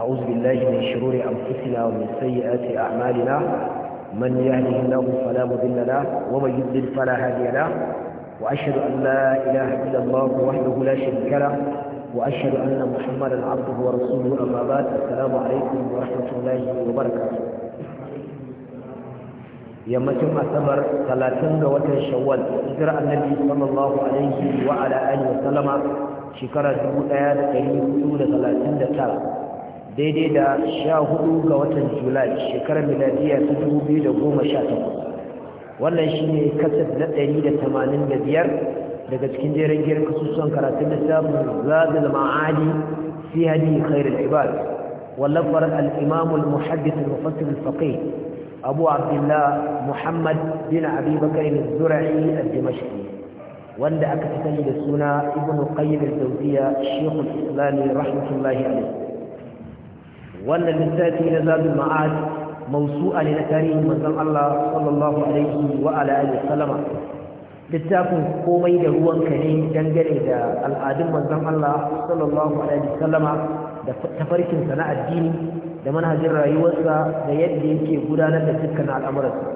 ونعوذ بالله من شرور أنفسنا ومن سيئات أعمالنا من يهده الله فلا مضل له ومن يضلل فلا هادي له وأشهد أن لا إله إلا الله وحده لا شريك له وأشهد أن محمدا عبده ورسوله أما بعد السلام عليكم ورحمة الله وبركاته yammacin شوال talatin النبي صلى الله عليه وعلى آله وسلم شكرا ala alihi wa sallama ثلاثين 1439 daidai da sha hudu ga watan julai shekarar miladiya ta dubu biyu da goma sha takwas wannan shi ne kasar na ɗari da tamanin da biyar daga cikin jerin jerin kasusuwan karatun littafin zazil ma'adi fi hadi khairul ibad wallafar al-imam al-muhaddith al-mufassir al-faqih abu abdullah muhammad bin abi bakr al-zura'i al-dimashqi wanda aka fi sani da suna ibnu qayyim al-jawziya shaykh al-islam rahmatullahi alayh wannan littafi na zadul ma'ad Mausu'a ne na tarihin manzon Allah sallallahu alaihi wa littafin komai da ruwanka ne dangane da al'adun manzon Allah sallallahu alaihi da na addini da manhajin rayuwarsa da yadda yake gudanar da dukkan al'amuransa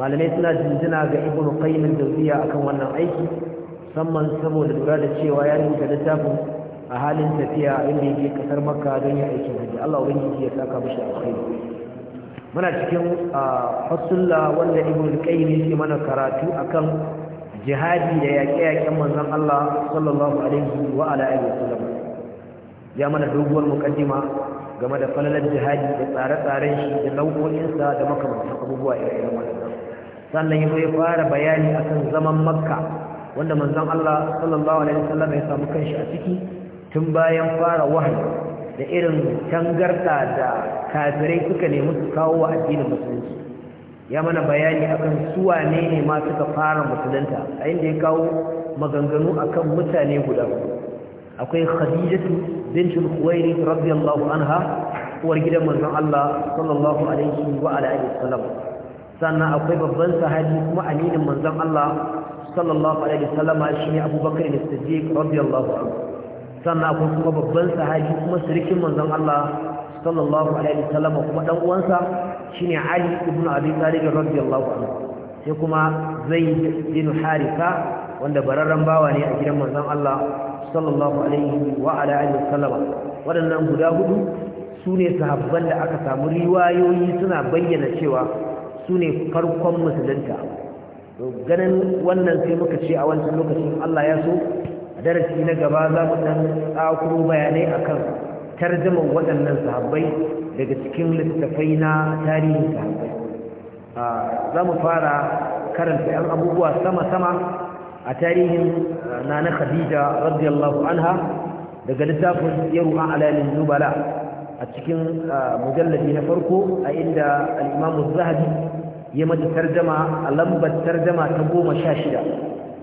malamai suna jinjina ga ibnu qayyim akan wannan aiki musamman saboda lura da cewa ya rubuta littafin a halin tafiya inda yake kasar makka don ya aiki hajji Allah ubangiji ya saka mishi alkhairi muna cikin fasulla wanda ibn qayyim yake mana karatu akan jihadi da yaƙe-yaƙen manzon Allah sallallahu alaihi wa ala alihi wasallam ya mana doguwar mukaddima game da falalar jihadi da tsare-tsaren shi da nau'o'insa da makamantan abubuwa irin wannan sannan yazo ya fara bayani akan zaman makka wanda manzon Allah sallallahu alaihi wasallam ya samu kanshi a ciki tun bayan fara wahayi da irin tangarta da kafirai suka nemi su kawo wa addinin musulunci ya mana bayani akan su wane ne ma suka fara musulunta a inda ya kawo maganganu akan mutane guda akwai khadijatu bintul khuwairi radiyallahu anha uwar gidan manzon Allah sallallahu alaihi wa alihi wasallam sannan akwai babban sahabi kuma aminin manzon Allah sallallahu alaihi wasallam shine Abu Bakar as-Siddiq radiyallahu anhu sannan akwai kuma babban sahabi kuma sirikin manzon Allah sallallahu alaihi wasallam kuma dan uwansa shine Ali ibn Abi Talib radiyallahu anhu sai kuma Zaid bin Haritha wanda bararran bawa ne a gidan manzon Allah sallallahu alaihi wa ala alihi wasallam waɗannan guda hudu su ne sahabban da aka samu riwayoyi suna bayyana cewa su ne farkon musulunta ganin wannan sai muka ce a wancan lokacin Allah ya so darasi na gaba za mu ɗan ƙakuro bayanai kan tarjaman waɗannan sahabbai daga cikin littattafai na tarihin sahabbai za mu fara karanta 'yan abubuwa sama-sama a tarihin nana khadija radiyallahu anha daga littafin yaru a alalin bala a cikin mujallabi na farko a inda al'imamu zahabi ya mata tarjama a lambar tarjama ta goma sha shida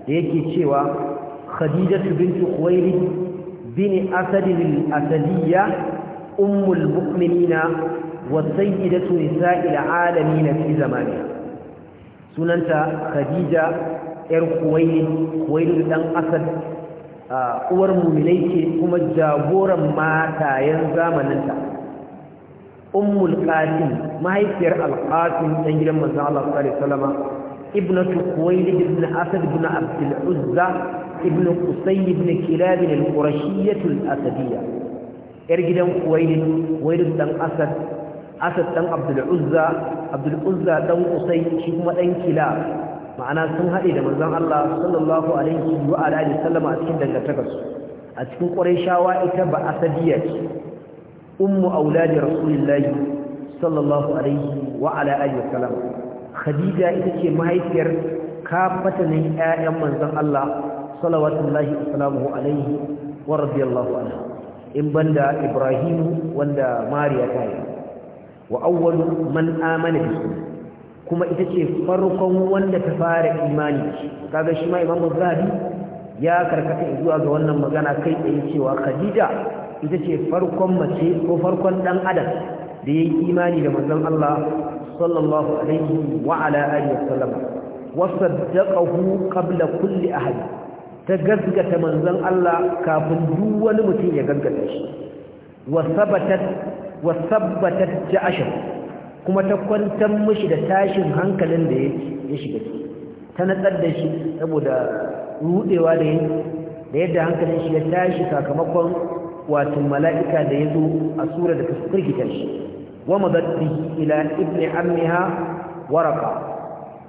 da yake cewa خديجة بنت خويلد بن أسد الأسدية أم المؤمنين والسيدة نساء العالمين في زمانها سننت خديجة ‘yar kuwaili kuwaili ɗan asad uwar muminai ce kuma jagoran matayen zamaninta ummul qasim mahaifiyar alqasim ɗan gidan manzon Allah sallallahu alaihi wasallama ibnatu kuwaili ibn bin ibn abdul ibn qusay ibn kilab al-qurashiyyah al-asadiyya yar gidan kuwaid waid dan asad asad dan abdul uzza abdul dan qusay shi kuma dan kilab ma'ana sun hade da manzon Allah sallallahu alaihi wa alihi a cikin dangantakarsu a cikin qurayshawa ita ba asadiyya ce ummu auladi rasulillahi sallallahu alaihi wa ala alihi khadija ita ce mahaifiyar kafatanin ƴaƴan manzon Allah salawatullahi wasalamuhu alaihi wa radiyallahu anha in banda ibrahimu wanda mariya ta yi wa awwalu man amana bihi kuma ita ce farkon wanda ta fara imani kaga shi ma imamu zahabi ya karkata zuwa ga wannan magana kai tsaye cewa khadija ita ce farkon mace ko farkon dan adam da yayi imani da manzon Allah sallallahu alaihi wa ala alihi wasallam wa saddaqahu qabla kulli ahad ta gaskata manzon Allah kafin duk wani mutum ya gaskata shi wa sabatat wa kuma ta kwantar mishi da tashin hankalin da ya shiga ta natsar da shi saboda rudewa da da yadda hankalin shi ya tashi sakamakon wato mala'ika da ya zo a sura da ta firgita shi wa madaddi ila ibni ammiha waraka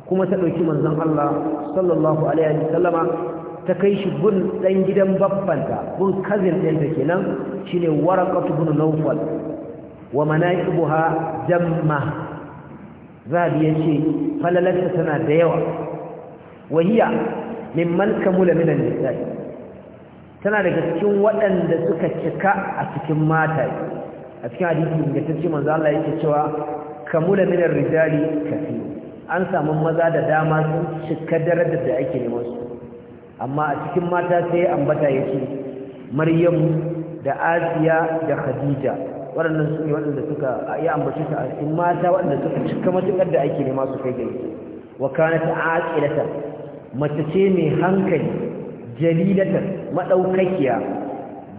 kuma ta ɗauki manzon Allah sallallahu alaihi ta kai shi gun ɗan gidan babbanta gun kazin ɗinta kenan shine warakatu bin nawfal wa manaqibuha jamma zabi ce falalarta tana da yawa wahiya mimman mula minan nisa'i tana daga cikin waɗanda suka cika a cikin mata a cikin hadisi da tace manzo Allah yake cewa kamula minar rijali kafi an samu maza da dama sun cika darajar da ake neman su amma a cikin mata sai ambata yake maryam da asiya da khadija waɗannan su ne waɗanda suka ya ambace su a cikin mata waɗanda suka cika matuƙar da ake nema su kai gari wa kanat aqilatan mace ce mai hankali jalilatan madaukakiya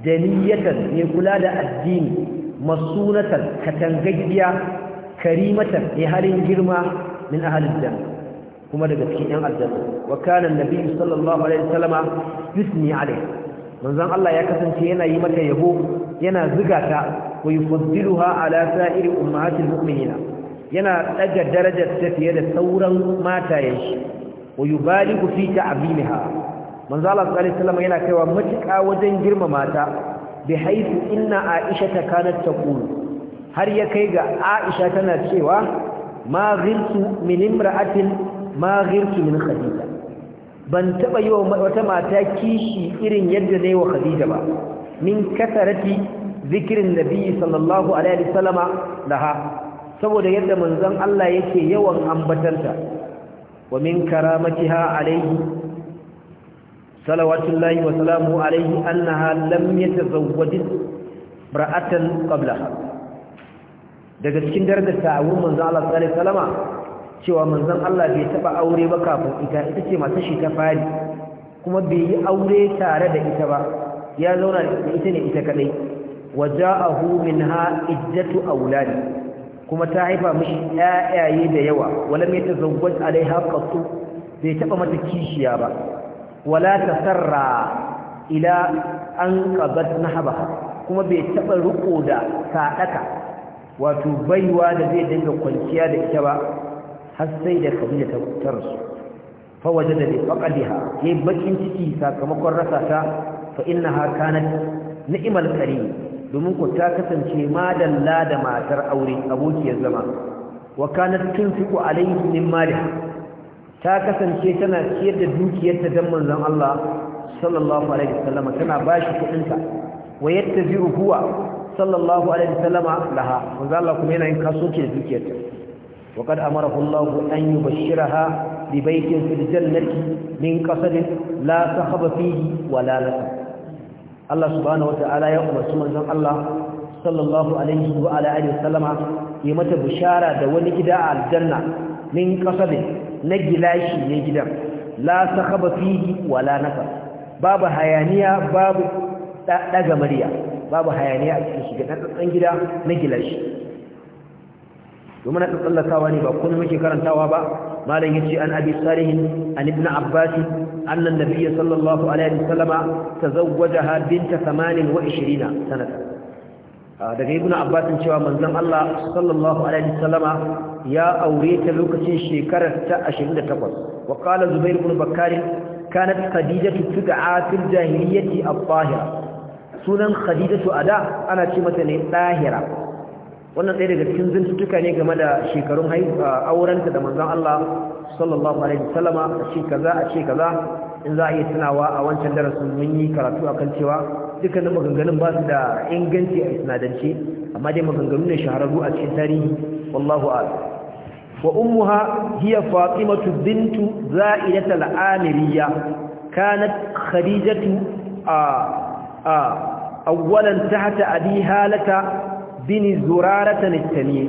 daniyatan mai kula da addini masunatan katangaggiya karimatan mai halin girma min ahalin janna kuma daga cikin ƴan aljanna wa kana annabi sallallahu alaihi wasallama yusni alaiha manzon Allah ya kasance yana yi mata yabo yana ziga ta wa yufaddiluha ala sa'iri ummahatil mu'minina yana daga darajar ta fiye da sauran matayen shi wa yubaligu fi ta'zimiha manzon Allah sallallahu alaihi wasallama yana kaiwa matuƙa wajen girmama ta bi haythu inna aisha kanat taqulu har ya kai ga aisha tana cewa ma ghiltu min imra'atin ma ghirtu min khadija ban taba yi wata mata kishi irin yadda nayi wa khadija ba min kasarati zikirin nabi sallallahu alaihi wasallama laha saboda yadda manzon Allah yake yawan ambatanta wa min karamatiha alaihi salawatullahi wa salamu alaihi annaha lam yatazawwaj ra'atan qablaha daga cikin darajarta a wurin manzon Allah sallallahu alaihi wasallama cewa manzon Allah bai taba aure ba kafin ita ita ce masu shi ta fari kuma bai yi aure tare da ita ba ya zauna da ita ne ita kadai waja'ahu minha a aulad kuma ta haifa mashi ƴaƴaye da yawa walam yatazawwaj alaiha qattu bai taba mata kishiya ba wala sarra. ila an na haba. kuma bai taba riko da sadaka wato baiwa da zai dinga kwanciya da ita ba har sai da kabila ta tarsu fa wajada li faqadiha yayi bakin ciki sakamakon rasa ta fa innaha kanat ni'mal karim domin ku ta kasance madalla da matar aure abokiyar zama wa kanat tunfiqu alayhi min maliha ta kasance tana ciyar da dukiyarta dan manzon Allah sallallahu alaihi wasallam tana bashi kudinta wa yattabi'u huwa sallallahu alaihi wasallama laha manzon Allah kuma yana yin kasuwanci da dukiyarta وقد أمره الله أن يبشرها ببيت في الجنة من قصد لا صخب فيه ولا نسب الله سبحانه وتعالى يقول سمع الله صلى الله عليه وعلى آله وسلم يمت بشارة دون إداء الجنة من قصد نجلاش نجدا لا صخب فيه ولا نسب باب هيانية باب دغمريا باب هيانية a cikin shiga ɗan gida na gilashi domin na tsallakawa ne ba kuma muke karantawa ba malam yace an abi salihin an ibn abbas anna nabiyyi sallallahu alaihi wasallama tazawwajaha binta 28 sanata ah, daga ibn abbas cewa manzon Allah sallallahu alaihi wasallama ya aure ta lokacin shekarar ta 28 wa qala zubair ibn bakkar kanat khadijatu tud'a fil jahiliyyati at-tahira sunan khadijatu ada ana ce mata ne tahira wannan ɗaya daga cikin zintuttuka ne game da shekarun aurenta da manzon Allah sallallahu alaihi wasallama a ce kaza a ce kaza in za a iya tunawa a wancan darasin mun yi karatu akan cewa dukkanin maganganun ba su da inganci a isnadance amma dai maganganun ne shahararru a cikin tarihi wallahu a'lam wa ummuha hiya fatimatu bintu za'idat al-amiriyya kanat khadijatu a a awwalan tahta abi halata bin zurarata nittami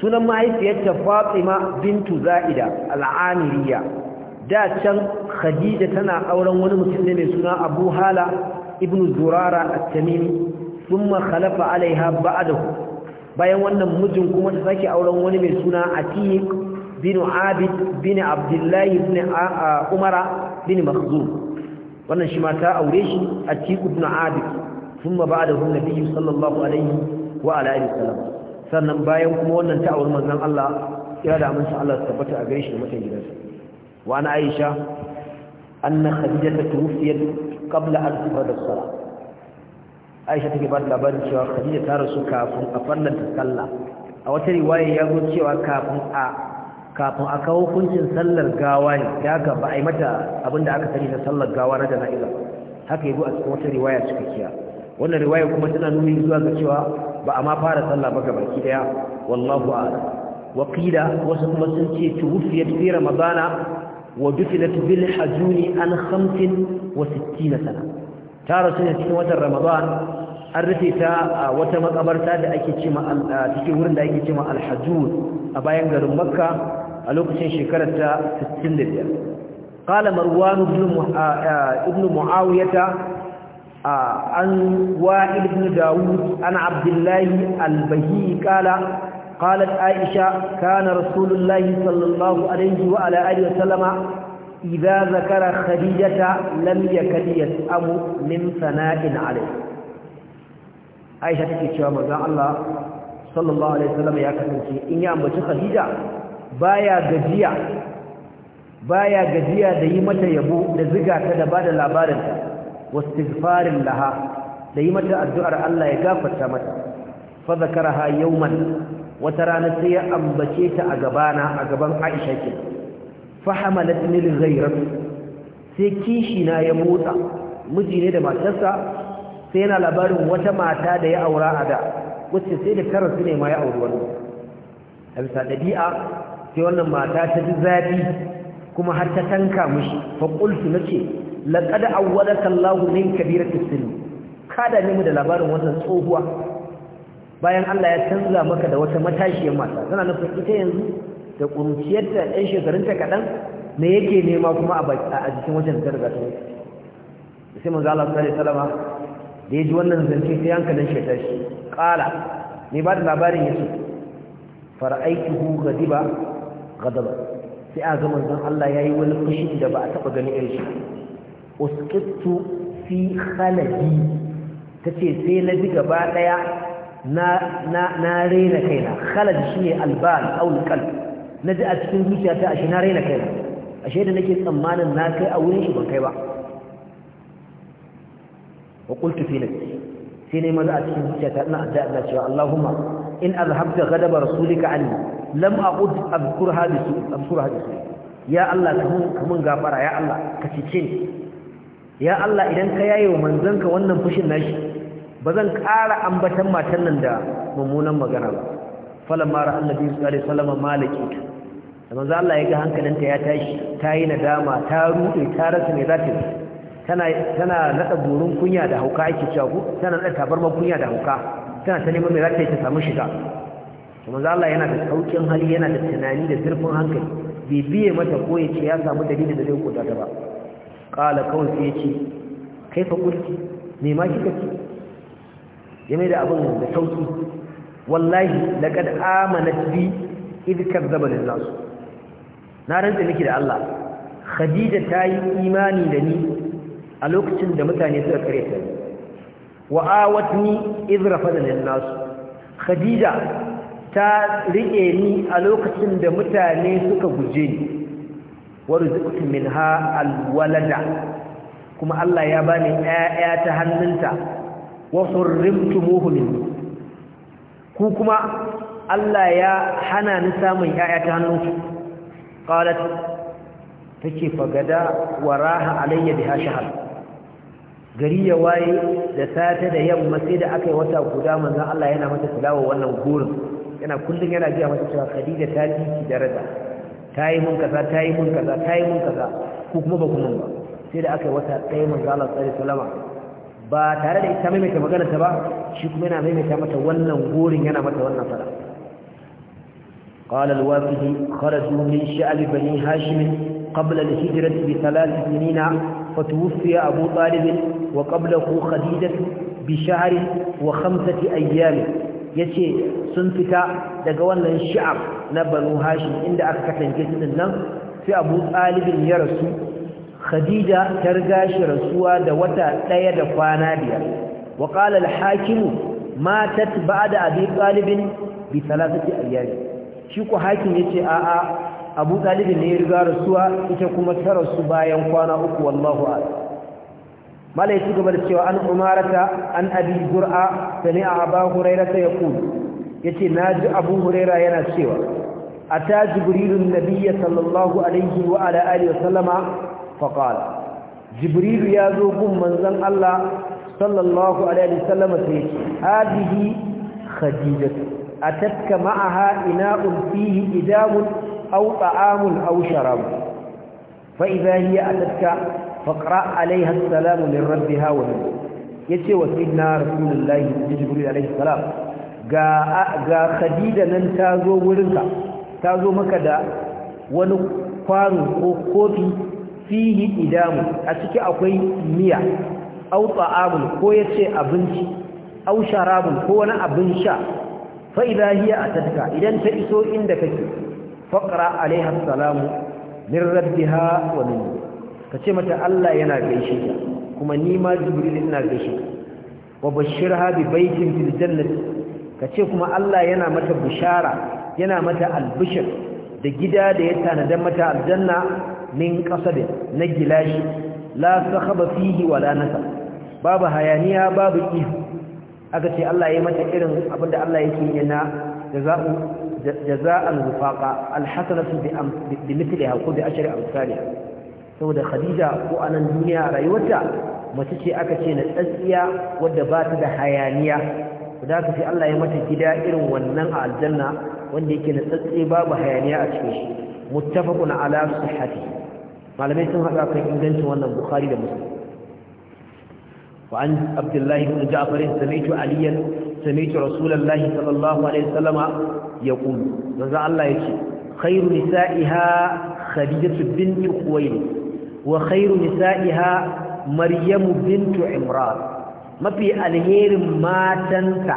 sunan mahaifiyarta fatima bintu za'ida al'amiriya da can khadija tana auren wani mutum ne mai suna abu hala ibnu zurara at-tamimi thumma khalafa alaiha ba'dahu bayan wannan mijin kuma ta sake auren wani mai suna atiq bin abid bin abdullahi ibn umara bin makhzum wannan shi ma ta aure shi atiq ibn abid thumma ba'dahu nabiyyu sallallahu alaihi wa ala salam sannan bayan kuma wannan ta'awar manzon Allah ya da mun Allah ya tabbata a gare shi mutan gidansa wa ana Aisha anna Khadija tuwfiyat qabla an tufrada as-salah Aisha take ba labarin cewa Khadija ta rasu kafin a ta sallah a wata riwaya ya zo cewa kafin a kafin a kawo hukuncin sallar gawa ne da haka ba a yi mata abinda aka sani na sallar gawa na jana'iza haka yabo a cikin wata riwaya cikakkiya wannan riwaya kuma tana nuni zuwa ga cewa ba a ma fara sallah ba gabaki daya wallahu a'lam wa qila wasu kuma sun ce tuwfiyat fi ramadana wa dufinat bil hajuni an 65 sana ta rasu ne cikin watan ramadan an rufe ta wata makabarta da ake ce ma cikin wurin da ake ce ma al-hajun a bayan garin makka a lokacin shekarar ta 65 qala marwan ibn ibn عن وائل بن داود عن عبد الله البهي قال قالت عائشة كان رسول الله صلى الله عليه وعلى آله وسلم إذا ذكر خديجة لم يكد يسأم من ثناء عليه عائشة تكتشوى مزاء الله صلى الله عليه وسلم يا كثيرتي إن يأمت خديجة بايا قدية بايا قدية ديمة يبو لزقة تدباد العبارة wastighfarin laha da yi mata addu'ar Allah ya gafarta mata fa zakaraha yawman wata rana sai ya ambace ta a gabana a gaban Aisha ke fa hamalat min ghayrat sai kishi na ya motsa miji ne da matarsa sai yana labarin wata mata da ya aura a da wacce sai da karasu ne ma ya auri wannan a bisa ɗabi'a sai wannan mata ta ji zafi kuma har ta tanka mishi fa qultu nace laqad awwadaka Allahu min kabirati sin kada ne mu da labarin wannan tsohuwa bayan Allah ya canza maka da wata matashiyar mata tana nufin ita yanzu da kuruciyarta ɗan shekarunta kaɗan me yake nema kuma a jikin wajen da riga ta sai manzo Allah sallallahu alaihi wasallam da yaji wannan zance sai hankalin shi ta shi qala ne ba da labarin yace fara'aituhu gadiba gadaba sai a ga manzon Allah yayi wani fushi da ba a taba gani irin shi uskittu fi khaladi tace sai na ji gaba daya na na na raina kaina khalad shine albal aw alqalb naji a cikin zuciyata ashe na raina kaina ashe da nake tsammanin na kai a wurin shi ban kai ba wa qultu fi nafsi sai nayi maza a cikin zuciyata ina addu'a Allah cewa Allahumma in azhabta ghadaba rasulika anni lam aqud azkurha bisu azkurha bisu ya Allah kamun kamun gafara ya Allah ka cice ni ya Allah idan ka yayi wa manzanka wannan fushin nashi ba zan ƙara ambatan matan nan da mummunan magana ba falamma ra annabi sallallahu alaihi wasallam maliki. da manzo Allah ya ga hankalinta ya tashi ta yi nadama ta rufe, ta rasa me za yi tana tana nada burin kunya da hauka ake cewa ku tana nada tabarma kunya da hauka tana ta neman me za ta yi ta samu shiga manzo Allah yana da saukin hali yana da tunani da zurfin hankali bibiye mata ko ya ce ya samu dalilin da zai kuta ba qala kawai sai yace kaifa qulti me ma kika ce ya da abin da sauki wallahi laqad amanat bi idh kadzaba lin-nas na rantsa miki da Allah khadija ta yi imani da ni a lokacin da mutane suka kare ta wa awatni idh rafada lin-nas khadija ta rike ni a lokacin da mutane suka guje ni warzuqtu minha alwalada kuma Allah ya bani ƴaƴa ta hannunta wa hurrimtumuhu min ku kuma Allah ya hana ni samun ƴaƴa ta hannunku qalat take fagada waraha alayya biha shahar gari ya waye da sata da yamma sai da aka yi wata guda manzon Allah yana mata tilawa wannan gurin yana kullun yana ji mata cewa Khadija ta ji daraja ta yi mun kaza ta mun kaza mun kaza ko kuma ba ku mun ba sai da aka yi wata ɗaya mun zala tsari salama ba tare da ita maimaita magana ta ba shi kuma yana maimaita mata wannan gorin yana mata wannan fara قال الوافدي خرجوا من شعب بني هاشم قبل الهجرة بثلاث سنين فتوفي أبو طالب وقبله خديجة بشهر وخمسة أيام yace sun fita daga wannan shi'ar na banu hashim inda aka katange su nan sai abu talibin ya rasu khadija ta riga shi rasuwa da wata daya da kwana biyar wa qala al-hakim matat ba'da abi talibin bi thalathati ayyam shi ko hakim yace a a abu talibin ne ya riga rasuwa ita kuma ta rasu bayan kwana uku wallahu a'lam Malai ya gaba da cewa an umarata an abi zur'a sami a aba hurairata ya ku ya ce na ji abu huraira yana cewa a ta jibrilu nabiya sallallahu alaihi wa ala wa sallama faƙala jibrilu ya zo gun manzan Allah sallallahu alaihi wa sallama sai ce hadihi khadijatu atatka ma'aha ina'un fihi idamun aw ta'amun aw sharab fa idha a atatka faqra alaiha salamu min rabbiha wa ya ce wa sayyidina rasulullahi jibril alaihi salam ga khadija nan ta zo wurinka ta zo maka da wani kwano ko kofi fihi idamu a ciki akwai miya aw ta'amun ko ya ce abinci aw sharabun ko wani abin sha fa idha hiya atatka idan ta iso inda kake faqra alaiha salamu min rabbi wa min ka ce mata Allah yana gaishe ta kuma ni ma jibril ina gaishe ta wa bashirha bi baitin fil jannati ka ce kuma Allah yana mata bishara yana mata albishir da gida da ya tanada mata aljanna min qasabin na gilashi la sakhaba fihi wala nasa babu hayaniya babu ihu aka ce Allah ya mata irin abinda Allah yake yi na jaza'u jaza'an wufaqa alhasanatu bi mithliha ko bi ashri saboda khadija ko a nan duniya a rayuwarta mace ce aka ce na tsatsiya wadda ba ta da hayaniya da ka sai Allah ya mata gida irin wannan a aljanna wanda yake na tsatsiya babu hayaniya a cikin shi muttafaqun ala sihhati malamai sun haɗa kan ingancin wannan bukhari da muslim وعن عبد الله بن جعفر سمعت عليا سمعت رسول الله صلى الله عليه وسلم يقول وزع الله يقول خير نسائها خديجة بنت خويلد wa khairu nisa'iha maryamu bintu imran mafi alherin matanta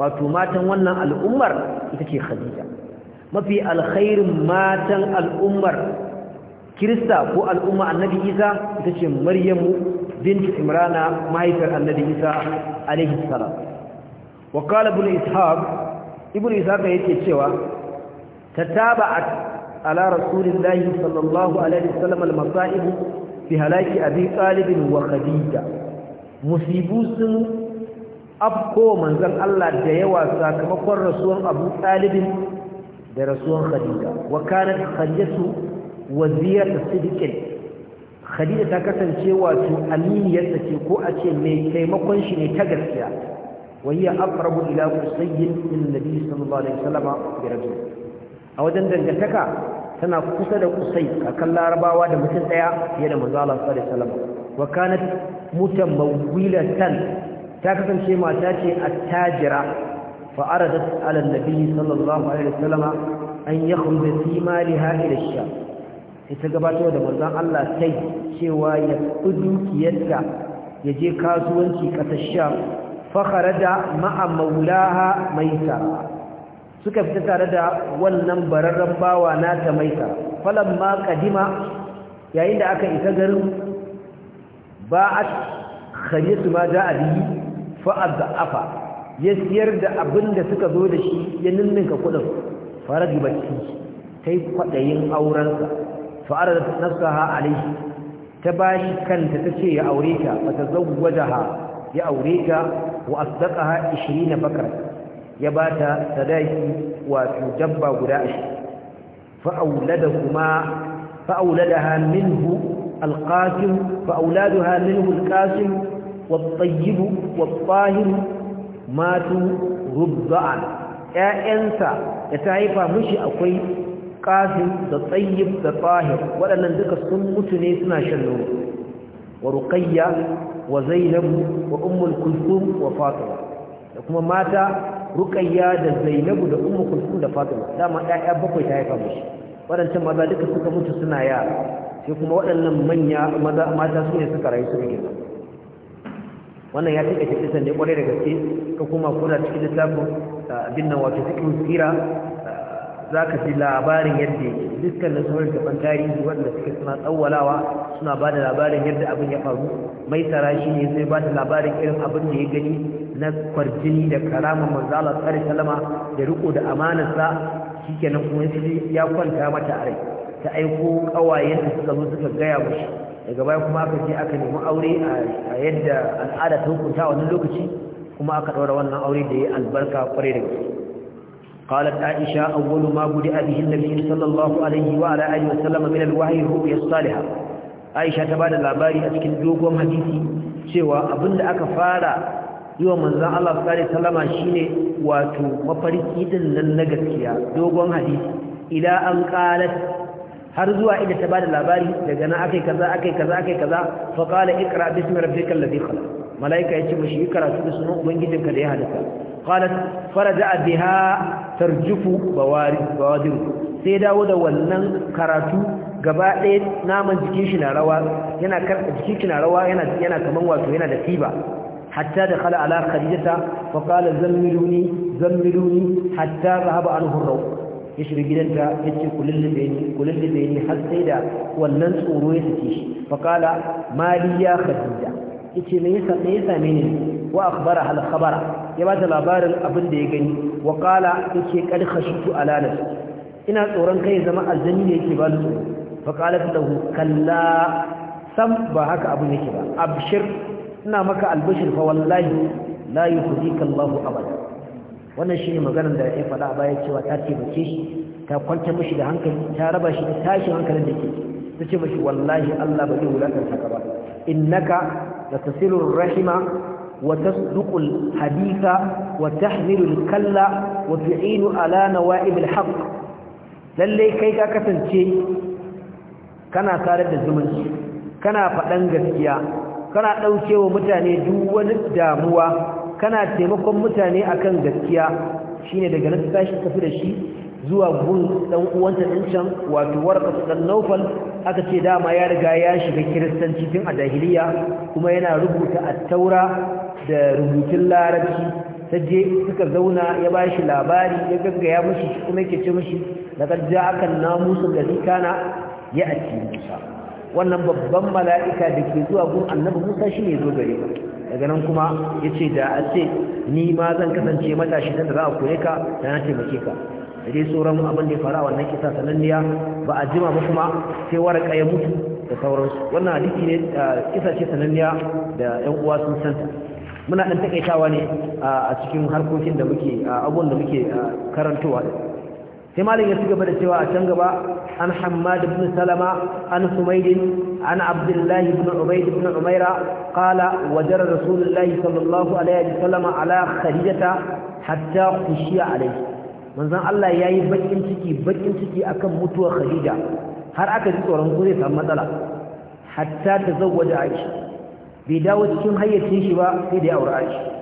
wato matan wannan al'ummar ita ce khadija mafi alkhairin matan al'ummar kirista ko al'umma annabi isa ita ce maryamu bintu imrana mahaifiyar annabi isa alaihi salam wa qala ibn ishaq ibn ishaq yake cewa tataba'at على رسول الله صلى الله عليه وسلم المصائب في هلاك أبي طالب وخديجة مصيبوس أبقو من ذن الله جيوى ساكمكو رسول أبو طالب برسول خديجة وكانت خديجة وزيرة صدق خديجة تكتن شوى تؤمين يسكي قوة ميكيمكو شني تقرسيا وهي أقرب إلى قصي من النبي صلى الله عليه وسلم برجل a wajen dangantaka tana kusa da kusai akan larabawa da mutum daya fiye da manzo Allah sallallahu wa kanat mutamawwilatan ta kasance mata ce attajira fa aradat ala annabi sallallahu alaihi wasallam an ya fi simali ila ash sai ta gabatar da manzon Allah sai cewa ya kudukiyarta ya je kasuwanci kasar sham da kharaja ma'a maulaha maisara suka fita tare da wannan bararren bawa na ta maita falamma kadima yayin da aka isa garin ba'at khariyatu ma ja'a bihi fa'adhafa ya siyar da abin da suka zo da shi ya ninninka kudin faraji bacci tai kwadayin aurensa fa'aradat nafsaha alayhi ta bashi kanta tace ya aure ta fa tazawwajaha ya aure ta wa asdaqaha 20 bakara ya ba ta sadaki wato dabba guda ashe fa'auladahuma fa'auladaha minhu alqasim fa'auladuha minhu alqasim wat-tayyib matu Rubza'an. ƴaƴansa da ta haifa mishi akwai qasim da tsayib da tahir waɗannan duka sun mutu ne suna shan nono wa ruqayya wa zainab wa ummul kulthum wa fatima da kuma mata ruqayya da zainabu da ummu kulsum da fatima dama ɗaya bakwai ta haifa mishi waɗancan maza duka suka mutu suna yara sai kuma waɗannan manya maza mata su ne suka rayu suka gina wannan ya take kisan ne kware da gaske ka kuma kuna cikin littafin abin nan wato cikin sira za ka ji labarin yadda yake dukkanin sauran gaban tarihi wanda suke suna tsawalawa suna ba da labarin yadda abin ya faru mai tara shi ne sai ba da labarin irin abin da ya gani na kwarjini da karamar manzo Allah sallallahu da riko da amanarsa shikenan kuma sai ya kwanta mata a rai ta aiko kawayen da suka zo suka gaya mushi daga baya kuma aka je aka nemi aure a yadda al'ada ta hukunta wannan lokaci kuma aka ɗaura wannan aure da ya albarka kwarai da gaske قالت عائشة أول ما بدأ به النبي صلى الله عليه وعلى آله وسلم من الوحي الرؤيا الصالحة عائشة تبادل العباري أتكن دوقهم حديثي سوى أبن أكفارا yi wa manzan Allah kare salama shi ne wato mafarki din nan na gaskiya dogon hadisi ila an ƙalat har zuwa inda ta ba da labari daga na akai kaza akai kaza akai kaza fa qala ikra bismi rabbikal ladhi khala malaika yace mishi karatu da sunan ka da ya halitta qalat faraja biha tarjufu bawari bawadir sai dawo da wannan karatu gaba ɗaya naman jikin shi na rawa yana jikin shi na rawa yana yana kaman wato yana da fiba hatta da kala ala khadijata wa qala zammiluni zammiluni hatta zahaba anhu ya shiga gidanta ya ce kulillibe ni har sai da wannan tsoro ya sake shi fa qala mali ya khadija yace me yasa me yasa mene wa akhbara hal khabara ya bata labarin abin da ya gani wa qala yace kad khashitu ala nafsi ina tsoron kai zama aljani ne yake ba ni tsoro fa qalat sam ba haka abin yake ba abshir ina maka albishir fa wallahi la yuhdika Allahu abada wannan shine maganar da ya faɗa baya cewa ta ce bace shi ta kwanta mishi da hankali ta raba shi da tashin hankalin da ke ta ce mishi wallahi Allah ba zai wulakanta ba innaka latasilur rahima wa tasduqul haditha wa tahmilul kalla wa tu'inu ala nawa'ibil haqq lalle kai ka kasance kana tare da zumunci kana faɗan gaskiya kana ɗauke wa mutane duk wani damuwa kana taimakon mutane akan gaskiya shine daga nan tashi tafi da shi zuwa gun dan uwanta din can wato warqatu dan nawfal aka ce dama ya riga ya shiga kiristanci tun a dahiliya kuma yana rubuta at-taura da rubutun larabci je suka zauna ya bashi labari ya gaggaya mishi kuma yake ce mishi laqad ja'aka an-namus alladhi kana ya'ti musa wannan babban mala'ika da ke zuwa gun annabi musa shi ne zo gare daga nan kuma ya ce da a ce ni ma zan kasance matashi da za a kore ka da na taimake ka da dai sauran abin da ya faru wannan kisa sananniya ba a jima ba kuma sai waraka ya mutu da sauransu wannan hadisi ne kisa ce sananniya da yan uwa sun san muna dan takaitawa ne a cikin harkokin da muke abubuwan da muke karantowa sai malam ya ci gaba da cewa a can gaba an hammad ibn salama an humayd an abdullah ibn ubayd ibn umaira qala wajara rasulullah sallallahu alaihi wasallam ala khadijata hatta khushiya alaihi manzon Allah yayi bakin ciki bakin ciki akan mutuwar khadija har aka ji tsoron ko zai samu matsala hatta tazawwaja aisha bai dawo cikin hayyacin shi ba sai da ya aure aisha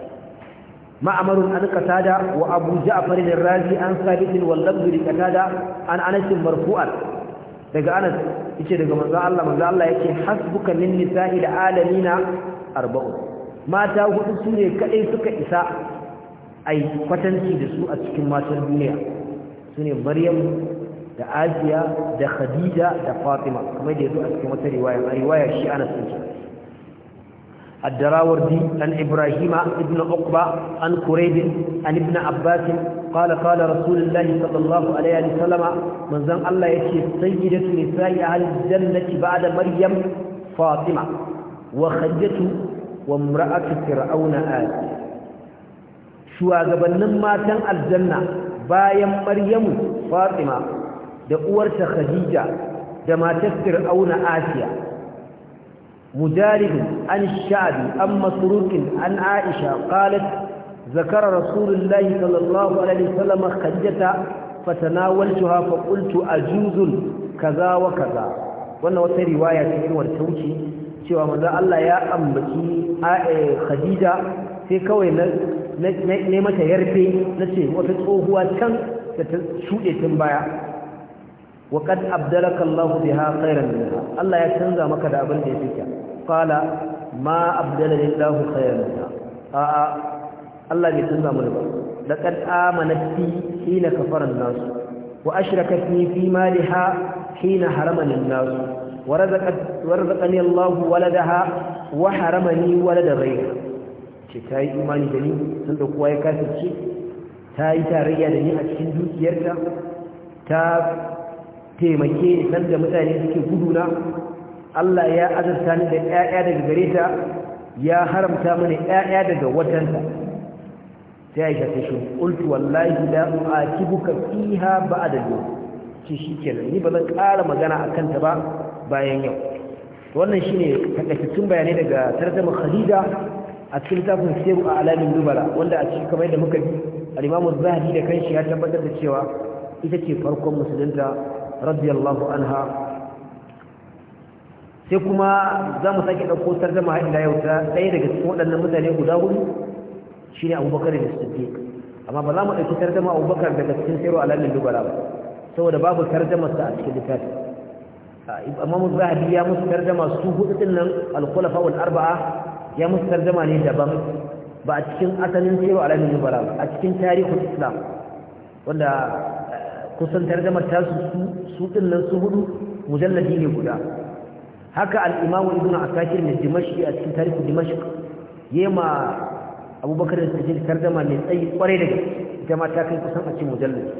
معمر عن قتادة وأبو جعفر الرازي عن ثابت واللفظ لقتادة عن أنس مرفوعا daga Anas yace daga manzo Allah manzo Allah yake hasbuka lin da alamina arba'u mata hudu sune kadai suka isa ai kwatanci da su a cikin matan duniya sune Maryam da Asiya da Khadija da Fatima kamar da yazo a cikin wata riwaya riwaya shi Anas din الدراوردي عن إبراهيم ابن عقبة عن كريب عن ابن عباس قال قال رسول الله صلى الله عليه وسلم من ذن الله يشي سيدة نساء أهل الجنة بعد مريم فاطمة وخدته وامرأة فرعون آل شو أغبنن ما تن الجنة bayan Maryamu Fatima da uwarta Khadija da matar Fir'auna Asiya مجارد عن الشعب عن مسروق عن عائشة قالت ذكر رسول Kadija ta الله عليه وسلم خجة فتناولتها فقلت أجوز كذا وكذا wannan wata riwaya ta irwar tauci cewa manzo Allah ya ambaci Khadija sai kawai na ne mata yarfe nace wata tsohuwa can da ta shuɗe tun baya wa qad abdalaka Allahu biha khairan minha Allah ya canza maka da abin da ya fika qala ma abdalani Allahu khairan minha a Allah bai canza mu ba laqad amanati hina kafara an-nas wa ashrakatni fi maliha hina haramani an wa ta yi imani da ni sun da kowa ya kasance ta yi tarayya da ni a cikin dukiyarta ta taimake ni san da mutane suke guduna Allah ya azurta ni da ƴaƴa daga gare ta ya haramta mini ƴaƴa daga watanta sai Aisha ta shi qultu wallahi la u'akibuka fiha ba'da yau shi kenan ni ba zan ƙara magana akan ta ba bayan yau wannan shine takaitaccen bayanai daga tarjuma khalida a cikin littafin Sirru a Alamin Dubara wanda a cikin kamar da muka bi al-Imam Az-Zahabi da kanshi ya tabbatar da cewa ita ce farkon musulunta radiyallahu anha sai kuma za mu sake ɗauko tarjama ila yau ta ɗaya daga cikin waɗannan mutane guda hudu shine abubakar da siddiq amma ba za mu ɗauki tarjama abubakar daga cikin sayarwa alamin dubara ba saboda babu tarjamarsa a cikin littafi imamu zahabi ya musu tarjama su hudu din nan al-khulafa wal arba'a ya musu tarjama ne daban ba a cikin asalin sirru alamin nubala ba a cikin tarihi islam wanda kusan tarjamar tasu su din nan su hudu mujalladi ne guda haka al-imam ibn asakir ne dimashqi a cikin tarihi dimashq yema abubakar da cikin tarjama ne tsayi kware da ita ma ta kai kusan a cikin mujalladi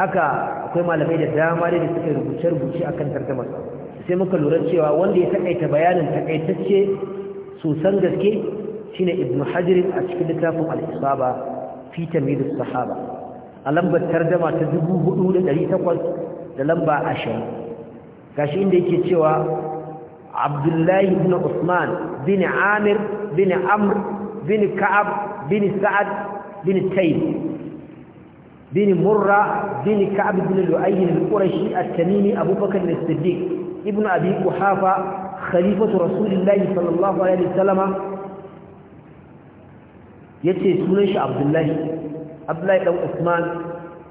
haka akwai malamai da dama da suka rubuce rubuce akan tarjamar sai muka lura cewa wanda ya takaita bayanin takaitacce san gaske shine ibn hajr a cikin littafin al-isaba fi tamyiz as-sahaba a lambar tarjama ta 4800 da lamba 20 gashi inda yake cewa Abdullahi ibn Usman bin Amir bin Amr bin Ka'ab bin Sa'ad bin Tayyib bin Murra bin Ka'ab bin Lu'ay al-Qurashi at-Tamimi Abu Bakr as-Siddiq ibn Abi Quhafa khalifatu Rasulillahi sallallahu alaihi wasallam yace sunan shi Abdullahi abdullahi dan usman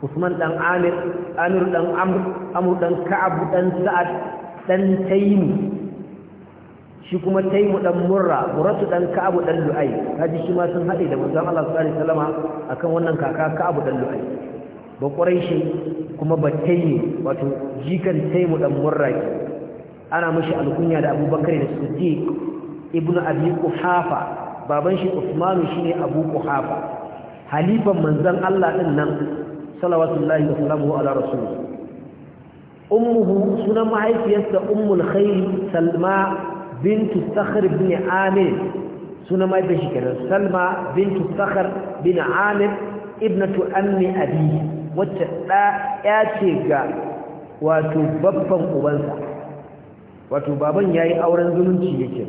usman dan amir amir dan amr amr dan ka'ab dan sa'ad dan taymi shi kuma taymi dan murra muratu dan ka'ab dan lu'ay kaji shi ma sun hade da manzon Allah sallallahu alaihi wasallama akan wannan kaka ka'ab dan lu'ay ba quraishi kuma ba taymi wato jikan taymi dan murra ana mishi alkunya da abubakar da siddiq ibnu abi quhafa baban shi usman shine abu quhafa halifan manzon Allah ɗin nan salawatullahi wa salamuhu ala rasul ummuhu sunan mahaifiyarsa ummul khair salma bint sakhr ibn amir sunan mahaifiyar shi kenan salma bintu sakhr bin amir ibnatu ammi abi wacce da ya ce ga wato babban ubansa wato baban yayi auren zulunci yake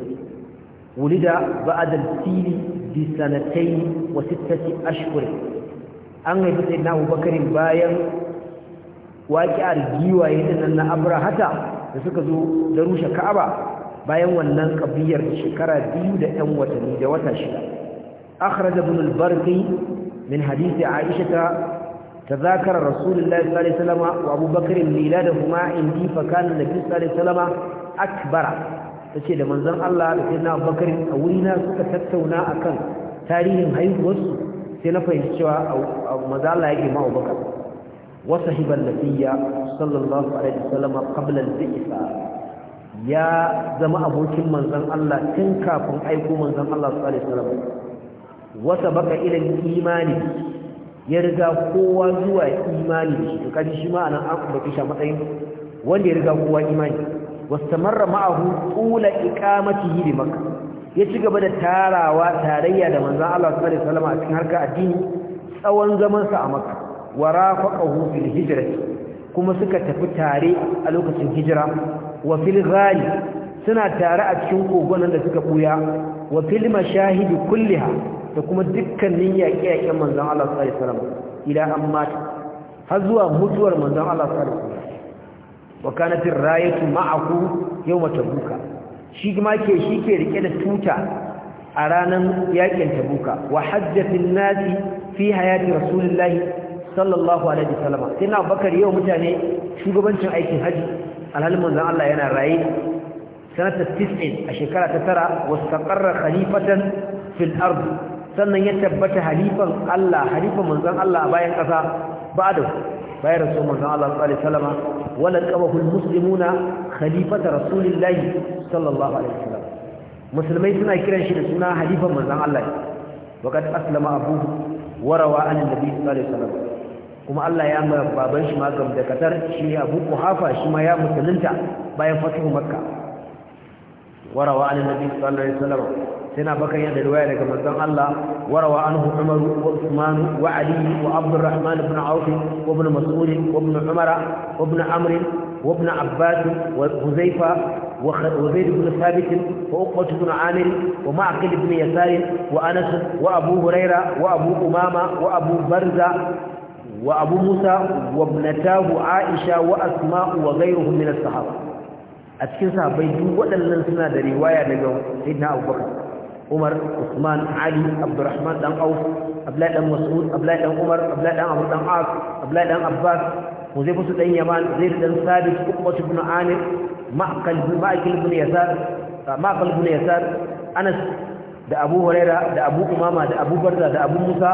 wulida ba'da al-sili بسنتين وستة أشهر أن يفتنا أبو بكر بايا واقع الجيوة إذن أن أبرهتا فسكزوا دروش كعبة bayan wannan kabiyar shekara biyu da ɗan watanni da wata shida akhraj ibn al-barqi min hadith aisha ta تذاكر رسول الله صلى الله عليه وسلم وابو بكر ميلادهما عندي فكان النبي صلى الله عليه وسلم اكبر tace da manzan Allah da sayyidina Abubakar a wuri suka tattauna a kan tarihin haihuwarsu sai na fahimci cewa manzon Allah yake ma Abubakar wa sahiban nabiyya sallallahu alaihi wasallam qabla al-bi'sa ya zama abokin manzan Allah tun kafin aiko manzan Allah sallallahu alaihi wasallam wa baka ila imani ya riga kowa zuwa imani shi kaji shi ma anan an kuma kisha matsayin wanda ya riga kowa imani wastamarra ma'ahu qula iqamatihi bi makkah ya ci gaba da tarawa tarayya da manzon Allah sallallahu alaihi wasallam a cikin harkar addini tsawon zaman sa a makkah wa rafaqahu fil hijrati kuma suka tafi tare a lokacin hijira wa fil ghali suna tare a cikin kogonan da suka buya wa fil mashahidi kulliha da kuma dukkanin yaƙe-yaƙen manzon Allah sallallahu alaihi wasallam ila amma har zuwa mutuwar manzon Allah sallallahu alaihi wasallam wa kanat ar-rayatu ma'ahu yawm tabuka shi ma ke shi ke rike da tuta a ranan yakin tabuka wa hajjatin nasi fi hayati rasulillahi sallallahu alaihi wasallam sai na bakar yau mutane shugabancin aikin haji alhalin manzon Allah yana raye sanata 90 a shekara ta tara wastaqarra khalifatan fil ard sannan ya tabbata halifan Allah halifan manzon Allah a bayan kasa ba'da bayan rasul manzon Allah sallallahu alaihi wani wala qabahu almuslimuna khalifata rasulillahi sallallahu alaihi wasallam musulmai suna kiran shi da suna halifan manzon Allah waqad aslama abu warawa an nabi sallallahu alaihi wasallam kuma Allah ya mara baban shi magam da katar shi Abu Quhafa shi ma ya musulunta bayan fatuhu Makka warawa an nabi sallallahu alaihi wasallam سينا بكر يد الرواية كما سمع الله وروى عنه عمر وعثمان وعلي وعبد الرحمن بن عوف وابن مسعود وابن عمر وابن عمرو وابن عباس وحذيفة وزيد بن ثابت وأقوة بن عامر ومعقل بن يسار وأنس وأبو هريرة وأبو أمامة وأبو برزة وأبو موسى وابنتاه عائشة وأسماء وغيرهم من الصحابة أتكين صحابي دو ودلن سنة رواية لقوم سيدنا أبو بكر umar usman ali abdurrahman dan auf abdullahi dan mas'ud abdullahi dan umar abdullahi dan abu dan as abdullahi dan abbas huzaifa dan yaman zaid dan sabit uqbat ibn amir ma'qal ma'qal ibn yasar ah, ma'qal ibn yasar anas da abu huraira da abu umama da abu barza da abu musa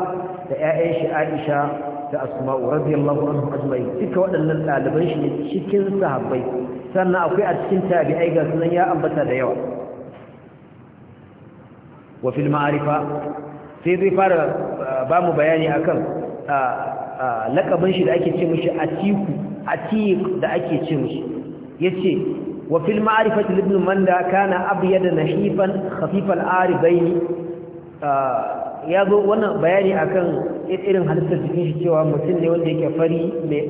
da ƴaƴan shi aisha da asma'u radiyallahu anhu ajma'in duka waɗannan ɗaliban shi ne cikin sahabbai sannan akwai a cikin tabi'ai ga sunan ya ambata da yawa wa fil ma'arifa sai zai fara uh, ba mu bayani akan uh, uh, lakabin shi da ake ce mishi atiku atiq da ake ce mishi yace wa fil ma'rifati ibn manda kana abyad nahifan khafif al Ya zo wannan bayani akan irin halittar jikin shi cewa mutum ne wanda yake fari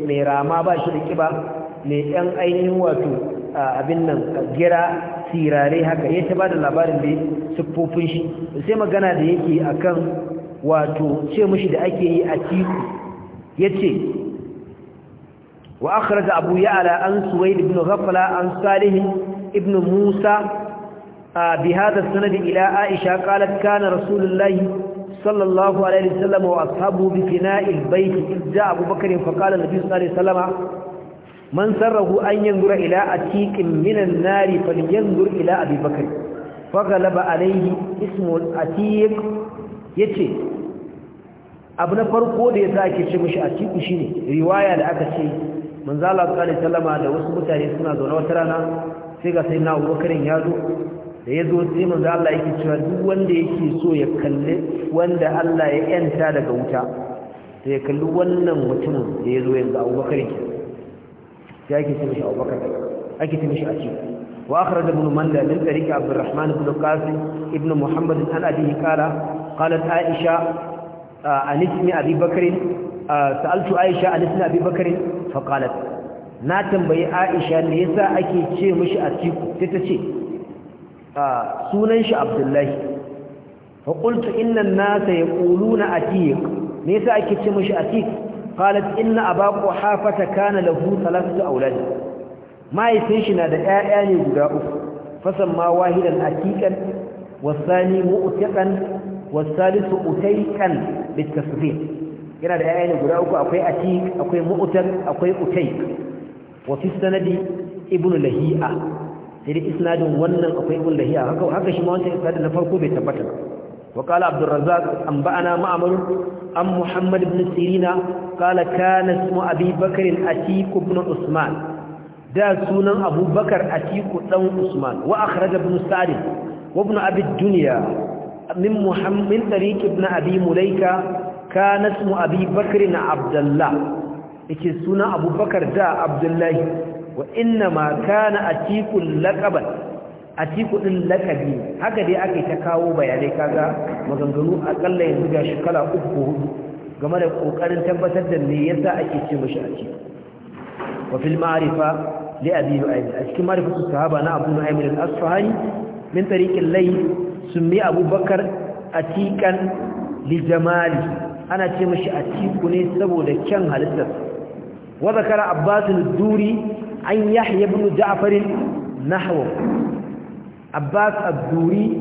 mai rama ba shi da kiba mai yan ainihin wato abin nan gira sirare haka ya ta ba da labarin da siffofin shi sai magana da yake akan wato ce mushi da ake yi a tiku ya ce wa da abu ya'ala an suwaid ibn ghafla an salih ibn musa bi hadha sanadi ila aisha qalat kana rasulullahi sallallahu alaihi wasallam wa ashabu bi fina'il bayt idza abubakar fa qala nabi sallallahu alaihi wasallam man sarrahu an yanzura ila atiqin minan nari falyanzur ila abi bakr fagalaba alaihi ismu atiq yace abu na farko da yasa ake ce mishi atiq shine riwaya da aka ce manzala Allah sallallahu alaihi wasallam da wasu mutane suna zaune wata rana sai ga sayyidina Abu Bakr ya zo da ya zo sai manzala Allah yake cewa duk wanda yake so ya kalli wanda Allah ya yanta daga wuta to ya kalli wannan mutumin da ya zo yanzu Abu Bakr sai ake ce mishi abubakar ake ce mishi aci wa akhraj ibn manda min tariqi abdurrahman ibn qasim ibn muhammad an abihi qala qalat aisha ah, an ismi abi bakr ah, sa'altu aisha an ismi abi bakr fa qalat na tambayi aisha me yasa ake ce mishi atiku sai ta ce ah, sunan shi abdullahi fa qultu inna an-nasa yaquluna atiq me yasa ake ce mishi atiq qalat inna aba quhafa kana lahu thalathatu awlad mahaifin shi na da ƴaƴa ne guda uku fasan ma wahidan aqiqan wasani mu'tiqan wasalisu utayqan bitasfir yana da ƴaƴa ne guda uku akwai atiq akwai mu'taq akwai utayq wa sanadi ibnu lahi'a sai isnadin wannan akwai ibnu lahi'a haka shi ma wannan na farko bai tabbata وقال عبد الرزاق أنبأنا معمر أم محمد بن سيرين قال كان اسم أبي بكر أتيك بن عثمان دا سونا أبو بكر أتيك بن عثمان وأخرج ابن سعد وابن أبي الدنيا من محمد من طريق ابن أبي مليكة كان اسم أبي بكر عبد الله إيش سونا أبو بكر دا عبد الله وإنما كان أتيك لقبا atiku din lakabi haka dai aka ta kawo bayanai kaga maganganu akalla yanzu ga shi kala uku hudu game da kokarin tabbatar da me yasa ake ce mashi atiku wa fil ma'rifa li abi nu'aym a cikin ma'rifatu sahaba na abu nu'aym al-asfahani min tariqil layl summi abubakar atikan li jamali ana ce mashi atiku ne saboda kyan halittar wa zakara abbas al-duri an yahya ibn ja'far nahwa abbas abduri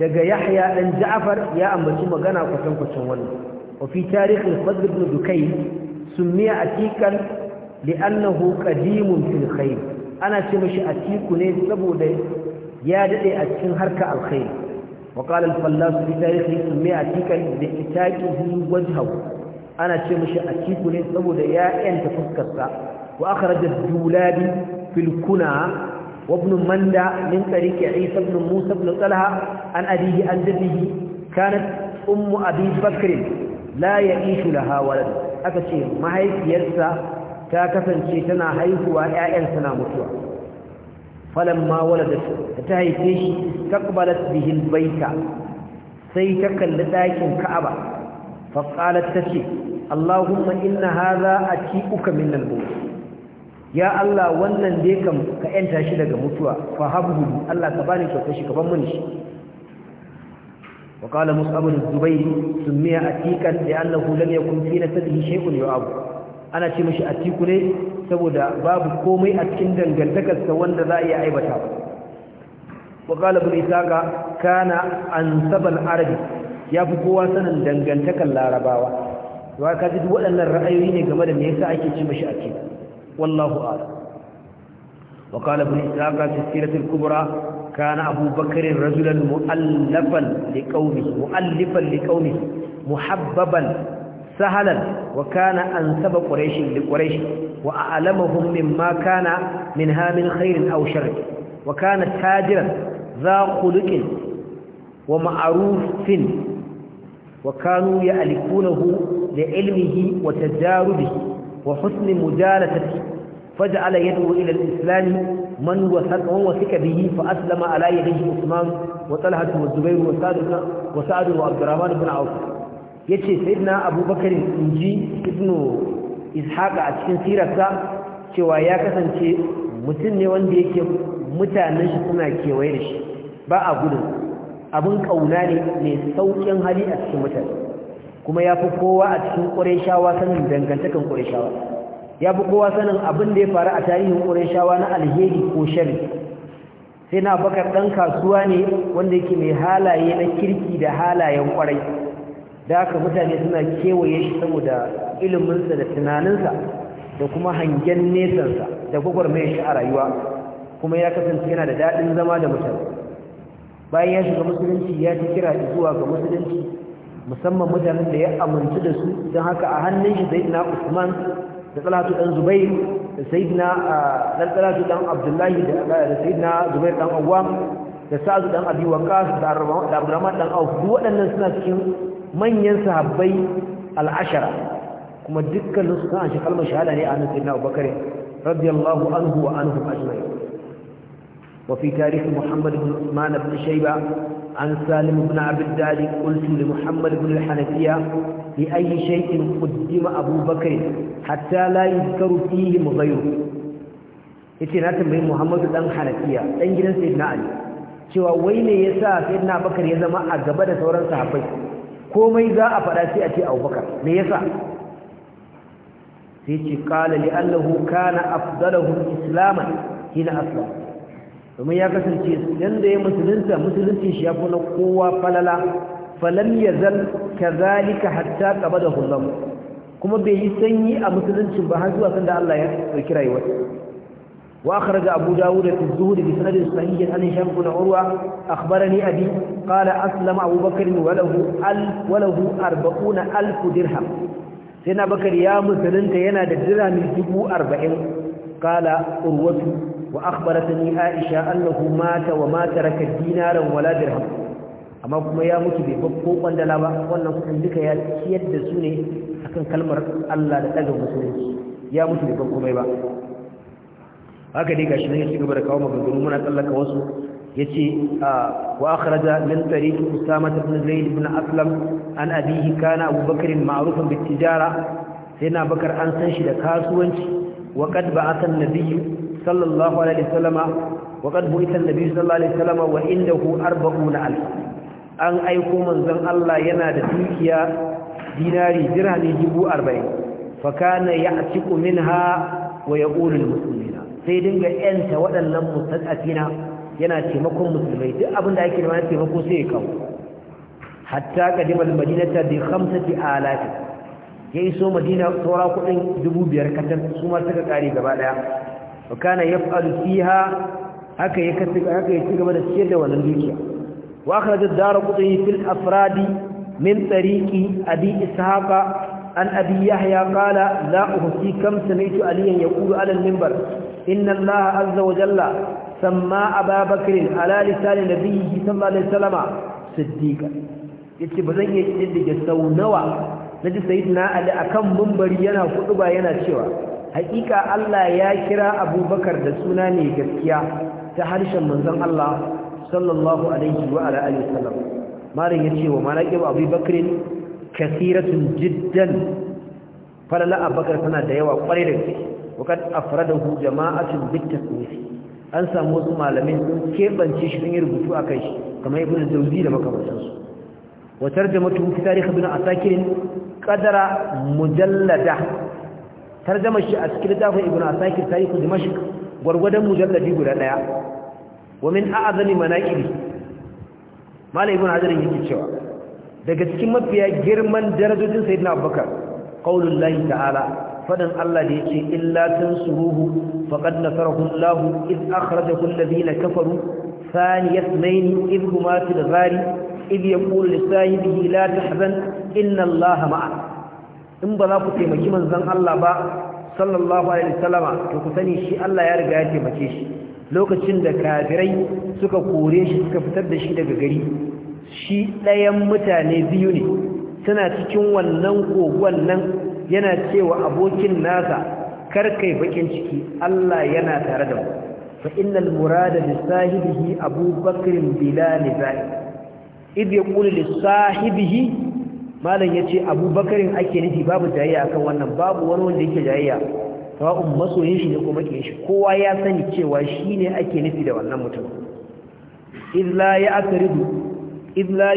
daga yahya dan ja'far ya ambaci magana kwatan kusan wannan wa fi tarikh al-fadl ibn dukay sumiya atikan li'annahu qadimun fil khair ana ce mishi atiku ne saboda ya dade a cikin harka alkhair wa qala al-fallas fi tarikh sumiya atikan li itaqihi wajhahu ana ce mishi atiku ne saboda ya yanta fuskarsa wa akhraj ad-dulabi fil وابن مندى من طريق عيسى بن موسى بن طلحة عن أبيه عن جده كانت أم أبي بكر لا يعيش لها ولد أكشي ما هي يرسى تاكفا شيتنا هيفوا آئل سنا متوى فلما ولدت تهيفيش تقبلت به البيت سيتك لذلك كعبة فقالت تشي اللهم إن هذا أتيئك من البوت ya Allah wannan da kam ka yanta shi daga mutuwa fa habhu Allah ka bani kyauta shi ka ban mun shi wa qala mus'ab bin zubayr sumiya atikan li annahu lam yakun fi nasabihi shay'un yu'ab ana ce mishi atiku ne saboda babu komai a cikin dangantakar sa wanda za a iya aibata wa qala ibn isaqa kana ansabal arabi ya fi kowa sanin dangantakar larabawa wa ka ji waɗannan ra'ayoyi ne game da me yasa ake ce mishi atiku wallahu a'lam wa qala ibn ishaq fi sirati al-kubra kana abu bakr rajulan mu'allafan liqaumihi mu'allifan liqaumihi muhabbaban sahalan wa kana ansaba quraish li quraish wa a'lamahum mimma kana minha min khairin aw shar wa kana tajiran dha khuluqin ومعروف وكانوا يألفونه لعلمه وتجاربه وحسن مجالسته فجعل يدعو إلى الإسلام من وثق وثق به فأسلم على يديه عثمان وطلحة والزبير وسعد وسعد وعبد الرحمن بن عوف yace sayyidina abubakar inji ibnu ishaqa a cikin sirarsa cewa ya kasance mutum ne wanda yake mutanen shi suna kewaye da shi ba a gudun abun kauna ne mai saukin hali a cikin mutane kuma ya fi kowa a cikin ƙureshawa sanin dangantakan ƙureshawa ya fi kowa sanin abin da ya faru a tarihin ƙureshawa na alheri ko shari sai na bakar ɗan kasuwa ne wanda yake mai halaye na kirki da halayen ƙwarai da haka mutane suna kewaye shi saboda iliminsa da tunaninsa da kuma hangen nesansa da gwagwarmayar shi a rayuwa kuma ya kasance yana da daɗin zama da mutane bayan ya shiga musulunci ya ci kira zuwa ga musulunci musamman mutanen da ya amintu da su don haka a hannun shi sayyidina Usman da Talatu dan Zubair da sayyidina dan Talatu dan Abdullahi da sayyidina Zubair dan Awwam da Sa'd dan Abi Waqqas da Abdurrahman dan Auf waɗannan suna cikin manyan sahabbai al'ashara. kuma dukkan su kan shi kalmar shahada ne a hannun sayyidina Abubakar radiyallahu anhu wa anhum ajma'in وفي تاريخ محمد بن عثمان بن شيبة عن سالم بن عبد الدال قلت لمحمد بن الحنفية لأي شيء قدم أبو بكر حتى لا يذكر فيهم غيره اتناتم بين محمد بن الحنفية تنجل سيدنا علي cewa wai ne yasa sayyidina bakar ya zama a gaba da sauran sahabbai komai za a faɗa sai a ce abubakar me yasa sai ce li annahu kana afdaluhum islaman hina domin ya kasance yadda ya musulunta musulunci shi ya fi na kowa falala falam ya zan ka zalika hatta kaba da hulam kuma bai yi sanyi a musuluncin ba har zuwa sanda Allah ya ɗauki rayuwar wa akhara ga Abu Dawud da Tuzuhud bi sanadin sahihin an Hisham bin Urwa akhbarani abi qala aslama Abu Bakr wa lahu al wa lahu 40000 sai na Bakr ya musulunta yana da dirhami 40000 qala urwatu وأخبرتني عائشة أنه مات وما ترك دينارا ولا درهم أما كما يا مكبي بقوة لا وأن عندك يا سيد سوني أكن كلمة الله لأجل مسلمين يا مكبي بقوة يبا haka dai gashi ne ya cigaba da kawo maganganu muna tsallaka wasu yace wa akhraja min tariq usama ibn zaid ibn aslam an abihi kana abubakar ma'rufun bit tijara sai na bakar an san shi da kasuwanci wa qad ba'atha صلى الله عليه وسلم وقد بعث النبي صلى الله عليه وسلم وعنده 40000 an aiko manzon Allah yana da dukiya dinari dirhami 40 fakana ya'tiqu minha wa yaqulu sai dinga yanta waɗannan mustaqatina yana taimakon musulmai duk abinda ake da mana taimako sai ya kawo hatta qadimal madinata bi 5000 ya iso madina saura kudin biyar katan su ma suka kare gaba daya wa kana yaf'alu fiha haka ya ci gaba da ciyar da wannan dukiya wa akhraj ad-darqutni fil afradi min tariqi abi ishaka an abi yahya qala la uhsi kam sami'tu aliyan yaqulu ala al-minbar inna allaha azza wa jalla samma ababakr ala lisan nabiyhi sallallahu alaihi wasallam siddiqa yace bazan iya kiddige sau nawa naji sayyidina ali akan minbari yana ba yana cewa haƙiƙa Allah ya kira abubakar da suna ne gaskiya ta harshen manzon Allah sallallahu alaihi wa ala alihi wasallam malin yace wa malaqib abubakar kasiratun jiddan falala abubakar tana da yawa kwarai da gaske وقد أفرده جماعة kofi. an samu wasu malamin sun keɓance shi sun rubutu a kai shi kamar ibn zauzi da makamantansu wa tarjamatu fi tarikh ibn asakir qadara mujallada tarjama shi a cikin littafin ibn asakir tarihu dimashq gwargwadon mujalladi guda daya wa min a'zami manaqibi malai ibn hajar yake cewa daga cikin mafiya girman darajojin sayyidina abubakar qaulullahi ta'ala fadan Allah da yake illa tansuruhu faqad nasarahu Allah id akhrajahu alladhina kafaru thani yathnayn idh huma fil ghari idh yaqulu li sahibihi la tahzan inna Allah ma'ana in ba za ku taimaki manzan Allah ba sallallahu alaihi wasallama to ku sani shi Allah ya riga ya taimake shi lokacin da kafirai suka kore shi suka fitar da shi daga gari shi ɗayan mutane biyu ne suna cikin wannan kogon nan yana cewa abokin nasa karkai bakin ciki Allah yana tare da mu fa innal murada bi sahibihi abubakar bila nizai idh yaqulu li sahibihi malam ya ce abubakarin ake nufi babu jayayya akan wannan babu wani wanda yake jayayya sawa'un masoyin shi ne kuma ke shi kowa ya sani cewa shi ne ake nufi da wannan mutum izla ya akaridu izla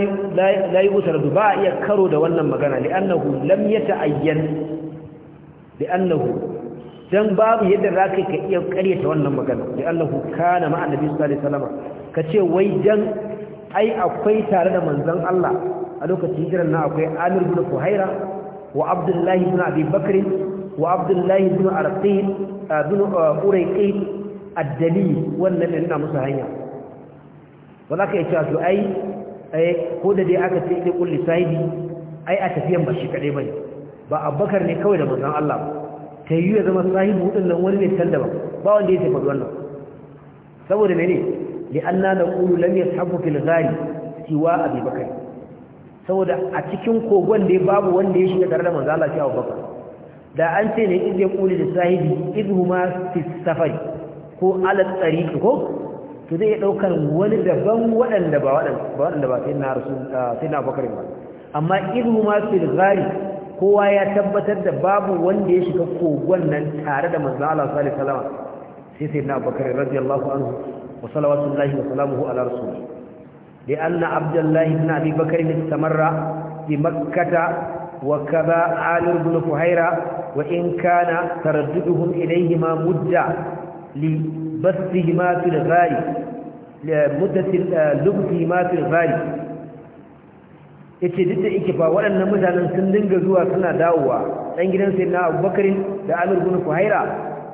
la yi utardu ba a iya karo da wannan magana li'annahu lam ya ta'ayyan li'annahu dan babu yadda za ka iya karyata wannan magana li'annahu kana ma'an nabi sallallahu alaihi wasallam ka ce wai dan ai akwai tare da manzon Allah a lokacin hijiran na akwai Amir bin Fuhaira wa Abdullahi bin Abi Bakr wa Abdullahi bin Arqil ah, bin ah, Urayqil ad-Dali wannan ne ina musu hanya wala ya cewa to ai ko da dai aka ce ne kulli sahibi ai a tafiyan ba shi kadai bane ba Abubakar ne kawai da manzon Allah ta yi ya zama sahibi hudun wani ne tallaba ba wanda ya tafi wannan saboda mene li'anna naqulu lam yashabu fil ghari siwa abi bakr saboda a cikin kogon da babu wanda ya shiga tare da manzo Allah sai Abu da an ce ne idh yaqulu li sahibi idhuma fi safari ko ala tariq ko to zai daukar wani daban waɗanda ba waɗanda ba waɗanda ba sai na rasul sai na Bakar ba amma idhuma fi ghari kowa ya tabbatar da babu wanda ya shiga kogon nan tare da manzo Allah sallallahu alaihi wasallam sai sai na Bakar radiyallahu anhu wa salawatullahi wa salamuhu ala rasulih li anna abdullahi ibn abi bakr samarra bi makkata wa kaba ali ibn fuhaira wa in kana taradduduhum ilayhi ma mudda li yace duk da waɗannan mutanen sun dinga zuwa suna dawowa dan gidan sayyidina abubakar da ali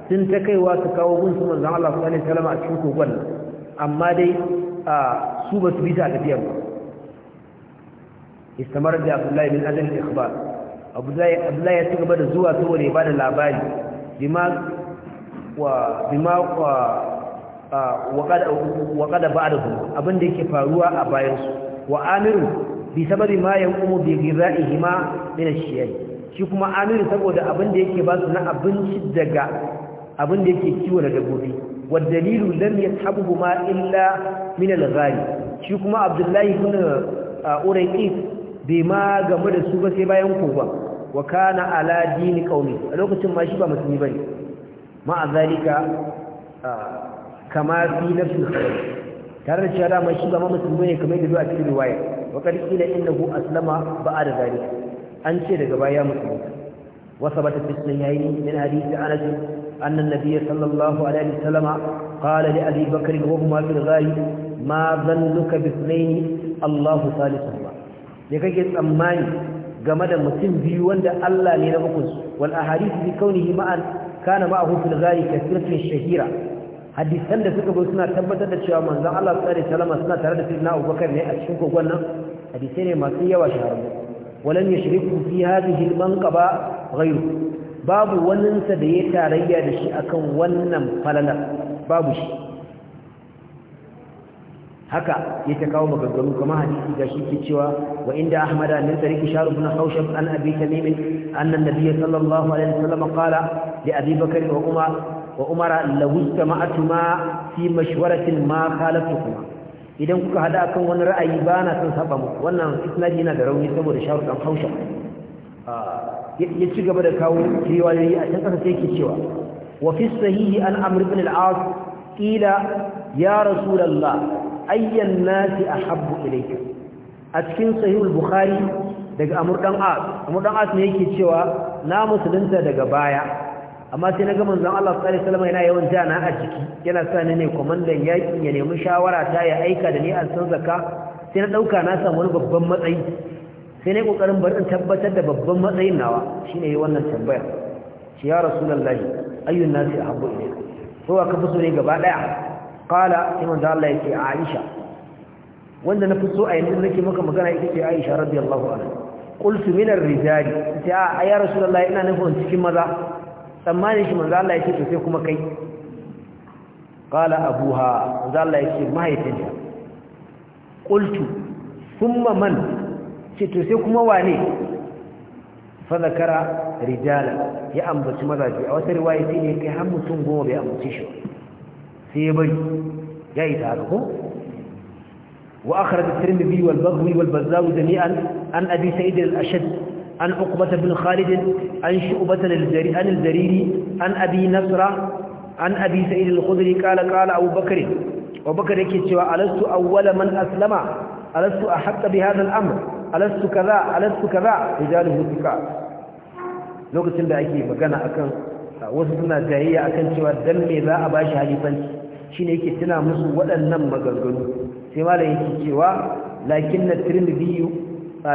sun ta kaiwa su kawo gunsu manzan Allah sallallahu alaihi wasallam a cikin kogon amma dai su ba su bi ta tafiyar ba istamar da Abdullahi bin Adam al-Ikhbar Abdullahi ya ci gaba da zuwa saboda ya bada labari bima wa bima wa wa kada ba'dahu abin da yake faruwa a bayansu. wa amiru bi sababi ma umu bi ghira'ihima min ash-shiyai shi kuma amiru saboda abin da yake ba su na abinci daga abin da yake kiwo da dabbobi wad dalilu lam yashabuhu ma illa min al-ghali shi kuma abdullahi ibn urayqis bai ma game da su ba sai bayan koba wa kana ala dini qaumi a lokacin ma shi ba musulmi bane ma azalika kama fi nafsi tare da cewa shi ba ma musulmi bane kamar da zuwa cikin riwaya wa qad qila innahu aslama ba'da zalika an ce daga baya musulmi وثبت في الصحيحين min حديث anas أن النبي صلى الله عليه وسلم قال لأبي بكر وهما في الغاية ما ظنك باثنين الله ثالثهما لكي تسمعني game da mutum biyu wanda Allah ne na hukunsu wal ahadith bi kaunihi ma'an kana ma'ahu fil ghari kathiratun shahira hadisan da suka bai suna tabbatar da cewa manzon Allah sallallahu alaihi wasallam suna tare da sayyidina Abubakar ne a cikin kogon nan hadisai ne masu yawa shahararru walan ya fi hadhihi al manqaba babu waninsa da ya tarayya da shi akan wannan falalar babu shi haka ya ta kawo maganganu kamar hadisi ga shi ke cewa wa inda ahmada min tariki sharu ibn hawshab an abi tamim anna nabiyyi sallallahu alaihi wasallam qala li abi bakr wa umar wa umara law istama'atuma fi mashwaratin ma khalatukuma idan kuka hada akan wani ra'ayi ba na son saba muku wannan isnadi yana da rauni saboda sharu dan hawshab ah. ya ci gaba da kawo riwayoyi a can sai ke cewa wa fi sahihi an amr ibn al-as qila ya rasulullah ayyan nasi ahabbu ilayka a cikin sahihul bukhari daga amr dan as amr dan as ne yake cewa na musulunta daga baya amma sai naga manzon Allah sallallahu alaihi wasallam yana yawan jana a jiki yana sa ni ne komandan yakin ya nemi shawara ta ya aika da ni an san zakka sai na dauka na samu wani babban matsayi sai ne kokarin bari tabbatar da babban matsayin nawa shine yi wannan tambaya shi ya rasulullahi ayyun nasi ahabbu ilayka ko ka fi so ne gaba daya qala sai manzo Allah yake Aisha wanda na fi so a yanzu nake maka magana ita ce Aisha radiyallahu anha qultu min ar-rijal ta ya rasulullahi ina nufin cikin maza tsammanin shi manzo Allah yake to sai kuma kai qala abuha manzo Allah yake mahaifinta qultu thumma man ce to sai kuma wane fa rijala ya ambaci mazaje a wata riwaya ce ne kai har mutum goma bai ambaci shi sai bai ya yi tare ko wa akhraj at-tirmidhi wal baghawi jami'an an abi sa'id al an uqbah bin khalid an shu'bah al jariri an abi nasra an abi sa'id al-khudri qala qala abu bakr wa bakr yake cewa alastu awwala man aslama alastu a bi hadha al-amr alastu kaza alastu kaza rijaluhu thiqa lokacin da ake magana akan wasu suna jayayya akan cewa dan me za a bashi halifanci shine yake tuna musu waɗannan maganganu sai malam yake cewa lakin at-tirmidhi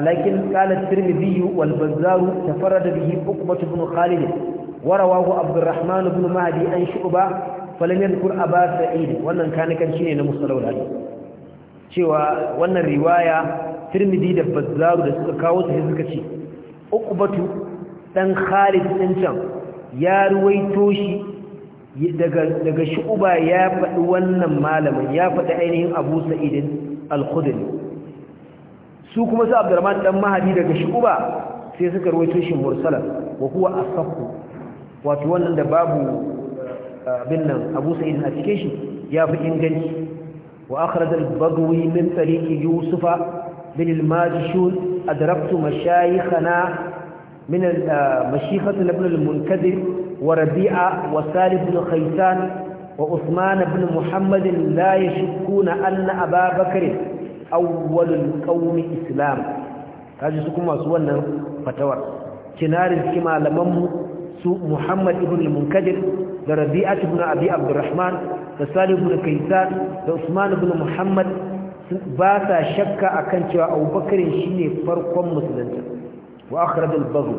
lakin qala at-tirmidhi wal bazzar tafarrada bihi uqbah ibn khalid ورواه عبد الرحمن بن مهدي عن شعبة فلم يذكر أبا سعيد wannan kan shine na musallawal hadith cewa wannan riwaya tirmidhi da bazzaru da suka kawo su suka ce uqbatu dan khalid din can ya ruwaito shi daga daga shu'ba ya faɗi wannan malamin ya faɗi ainihin abu sa'id al-khudri su kuma su abdurrahman dan mahadi daga shu'ba sai suka ruwaito shi mursalan wa huwa asaqu wato wannan da babu eh, abin nan abu sa'id a cikin shi ya fi inganci wa akhraj al-bagwi min tariqi yusufa بن الماجشون أدركت مشايخنا من مشيخة ابن المنكدر وربيعة وسالم بن خيسان وعثمان بن محمد لا يشكون أن أبا بكر أول القوم إسلام kaji su kuma su wannan fatawar kinarin su malamanmu su Muhammad ibn al da Rabi'at ibn Abi Abdurrahman da Salim ibn da Usman ibn Muhammad ba sa shakka a kan cewa abubakar ne farkon musulunta wa akhraj al-bagh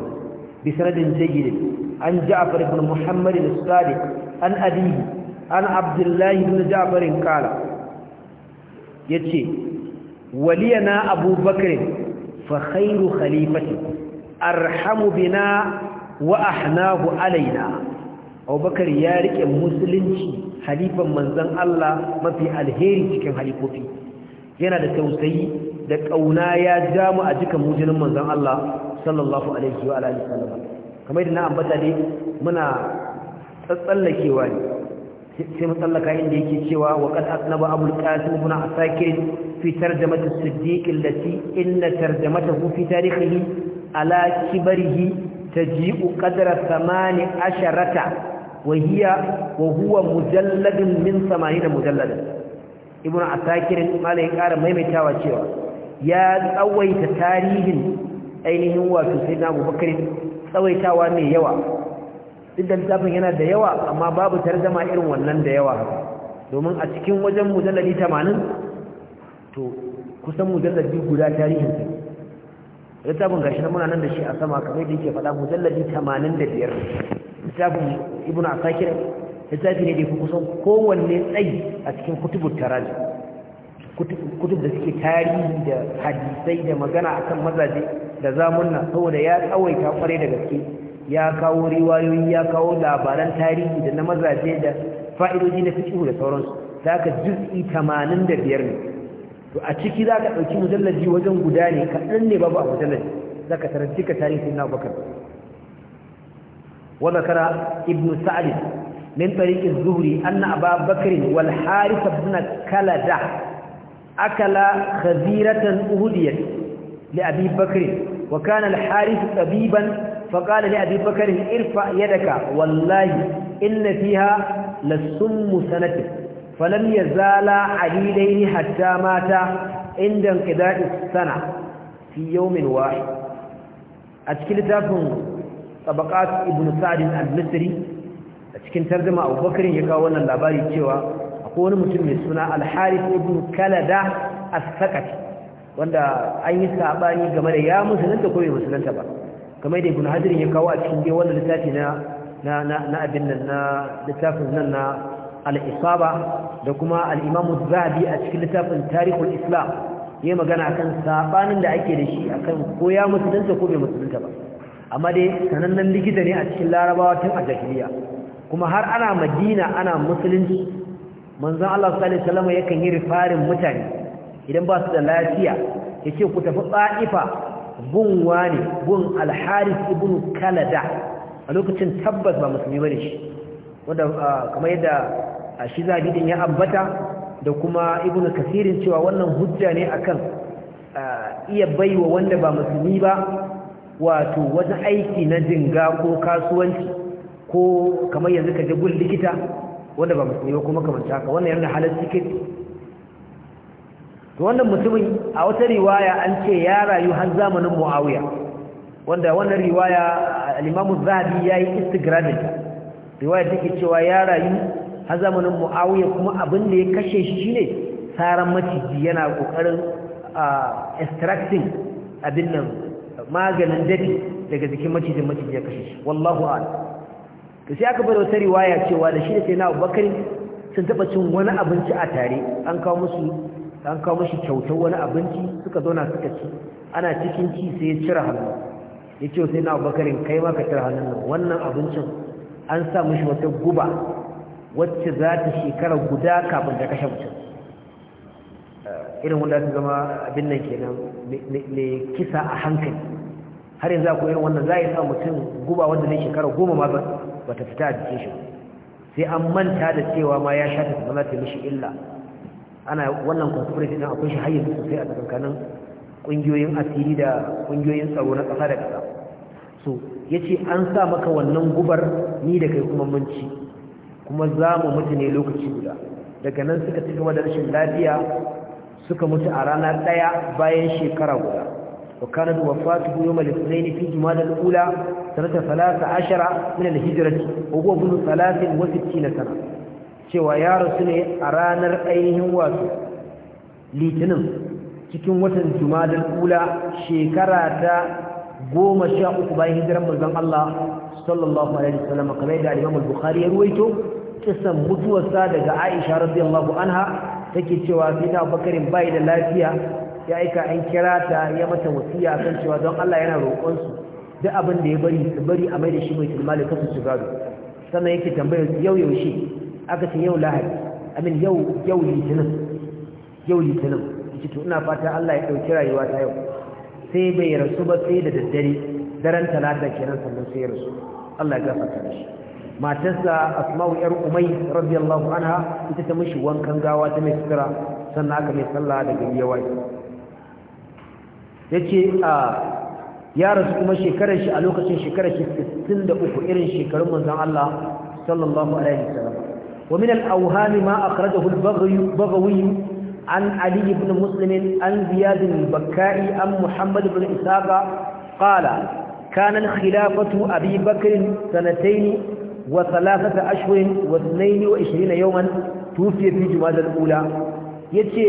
bi sanadin jayyid an ja'far ibn muhammad al-sadiq an abi an abdullah ibn ja'far qala yace waliyana abubakar fa khairu khalifati arhamu bina wa ahnahu alaina abubakar ya rike musulunci halifan manzon Allah mafi alheri cikin halifofi yana da tausayi da ƙauna ya damu a jikan mujinin manzon Allah sallallahu alaihi wa alihi wasallam kamar da na ambata dai muna tsallakewa ne sai matsallaka tsallaka inda yake cewa wa qad asnaba muna a sake fitar da tarjamati as-siddiq allati inna tarjamatahu fi tarihihi ala kibarihi taji'u qadra samani wa hiya wa huwa mujalladun min 80 mujalladan ibn asakirin malai ya maimaitawa cewa ya tsawaita tarihin ainihin wato sai na abubakar tsawaitawa mai yawa duk da littafin yana da yawa amma babu tarjama irin wannan da yawa domin a cikin wajen mujalladi tamanin to kusan mujalladi guda tarihin sa littafin gashi muna nan da shi a sama kamar da yake faɗa mujalladi tamanin da biyar littafin ibn asakirin littafi ne da ku kusan kowanne tsayi a cikin kutubun tarazi kutub da suke tarihi da hadisai da magana akan mazaje da zamunna saboda ya tsawaita kwarai da gaske ya kawo riwayoyi ya kawo labaran tarihi da na mazaje da fa'idoji na fiqh da sauransu tamanin da 85 ne to a ciki za ka ɗauki mujallaji wajen guda ne kaɗan ne babu a mujallaji ka taranci ka tarihin Abu Bakar ibnu Sa'd min tariki zuhri anna ababakar wal harith ibn kalada akala khaziratan uhudiyyah li abi bakr wa kana al harith tabiban fa qala li abi bakr irfa yadaka wallahi inna fiha lasum sanat fa lam yazala alayhi hatta mata inda kidai sana fi yawmin wahid atkilatun tabaqat ibn sa'd al-misri a cikin tarjuma Abubakar ya kawo wannan labari cewa akwai wani mutum mai suna Al-Harith ibn Kalada As-Sakati wanda an yi sabani game da ya musulunta ko bai musulunta ba kamar da Ibn Hajar ya kawo a cikin dai wannan littafi na na na abin nan na littafin nan na al-Isaba da kuma al-Imam Az-Zahabi a cikin littafin Tarikhul Islam yayi magana akan sabanin da ake da shi akan ko ya musulunta ko bai musulunta ba amma dai sanannen likita ne a cikin larabawa tun a jahiliya kuma har ana madina ana musulunci manzon Allah sallallahu Salama ya yakan yi rifarin mutane idan ba su da lafiya Ya ce ku tafi Taifa gun wani gun alharis ibn Kalada a lokacin tabbas ba musulmi ne shi wanda kamar yadda shi zabi din ya ambata da kuma ibn kasirin cewa wannan hujja ne akan iya baiwa wanda ba musulmi ba wato wani aiki na jinga ko kasuwanci ko kamar yanzu ka je gun likita wanda ba musulmi ba kuma kamar haka wannan yana halarci ke to wannan mutumin a wata riwaya an ce ya rayu har zamanin muawiya wanda wannan riwaya al-imamu zahabi yayi istigramin riwaya take cewa ya rayu har zamanin muawiya kuma abin da ya kashe shi shine saran maciji yana kokarin extracting abin nan maganin dadi daga jikin macijin maciji ya kashe shi wallahu a'lam to sai aka bar wata riwaya cewa da shi da sai na abubakar sun taba cin wani abinci a tare an kawo musu an kawo mashi kyautar wani abinci suka zauna suka ci ana cikin ci sai ya cire hannu ya ce sai na abubakarin kai ma ka cire hannun nan wannan abincin an sa mashi wata guba wacce za ta shekara guda kafin ta kashe mutum eh, irin wanda ta zama abin nan kenan mai kisa a hankali har yanzu akwai irin wannan za a yi sa mutum guba wanda ne shekara goma ma Wata fita a jikin shi sai an manta da cewa ma ya sha ta zama ta mishi illa ana wannan conspiracy din akwai shi har sosai a tsakankanin kungiyoyin asiri da kungiyoyin tsaro na kasa da ƙasa so yace an sa maka wannan gubar ni da kai kuma mun ci kuma za mu mutu ne lokaci guda daga nan suka ci gaba da rashin lafiya suka mutu a rana ɗaya bayan shekara guda وكانت وفاته يوم الاثنين في جمال الأولى سنة ثلاثة عشر من الهجرة وهو ابن ثلاث وستين سنة cewa ya rasu ne a ranar ainihin wato litinin cikin watan jumadar kula shekara ta goma sha uku bayan hijiran manzon Allah sallallahu alaihi wasallam kamar da Imam Bukhari ya ruwaito kisan mutuwarsa daga Aisha radiyallahu anha take cewa sai da Bakarin bai da lafiya ya aika an kira ta ya mata wasiya kan cewa don Allah yana roƙon su duk abin da ya bari su bari a mai da shi mai tilmali kasu su gado sannan yake tambayar su yau yaushe aka ce yau lahadi amin yau yau litinin yau litinin ce to ina fata Allah ya ɗauki rayuwa ta yau sai bai rasu ba sai da daddare daren talata kenan sannan sai ya rasu Allah ya gafarta da shi matarsa asma'u yar umai radiyallahu anha ita ta mishi wankan gawa ta mai sutura sannan aka mai sallah daga yawa yace a ya rasu kuma shekarar shi a lokacin shekarar shi 63 irin shekarun manzon Allah sallallahu alaihi wasallam wa min al-awham ma akhrajahu al-baghawi an ali ibn muslim an ziyad bakkai an muhammad ibn isaqa qala كان الخلافة أبي بكر سنتين وثلاثة أشهر واثنين وعشرين يوما توفي في جماد ya ce.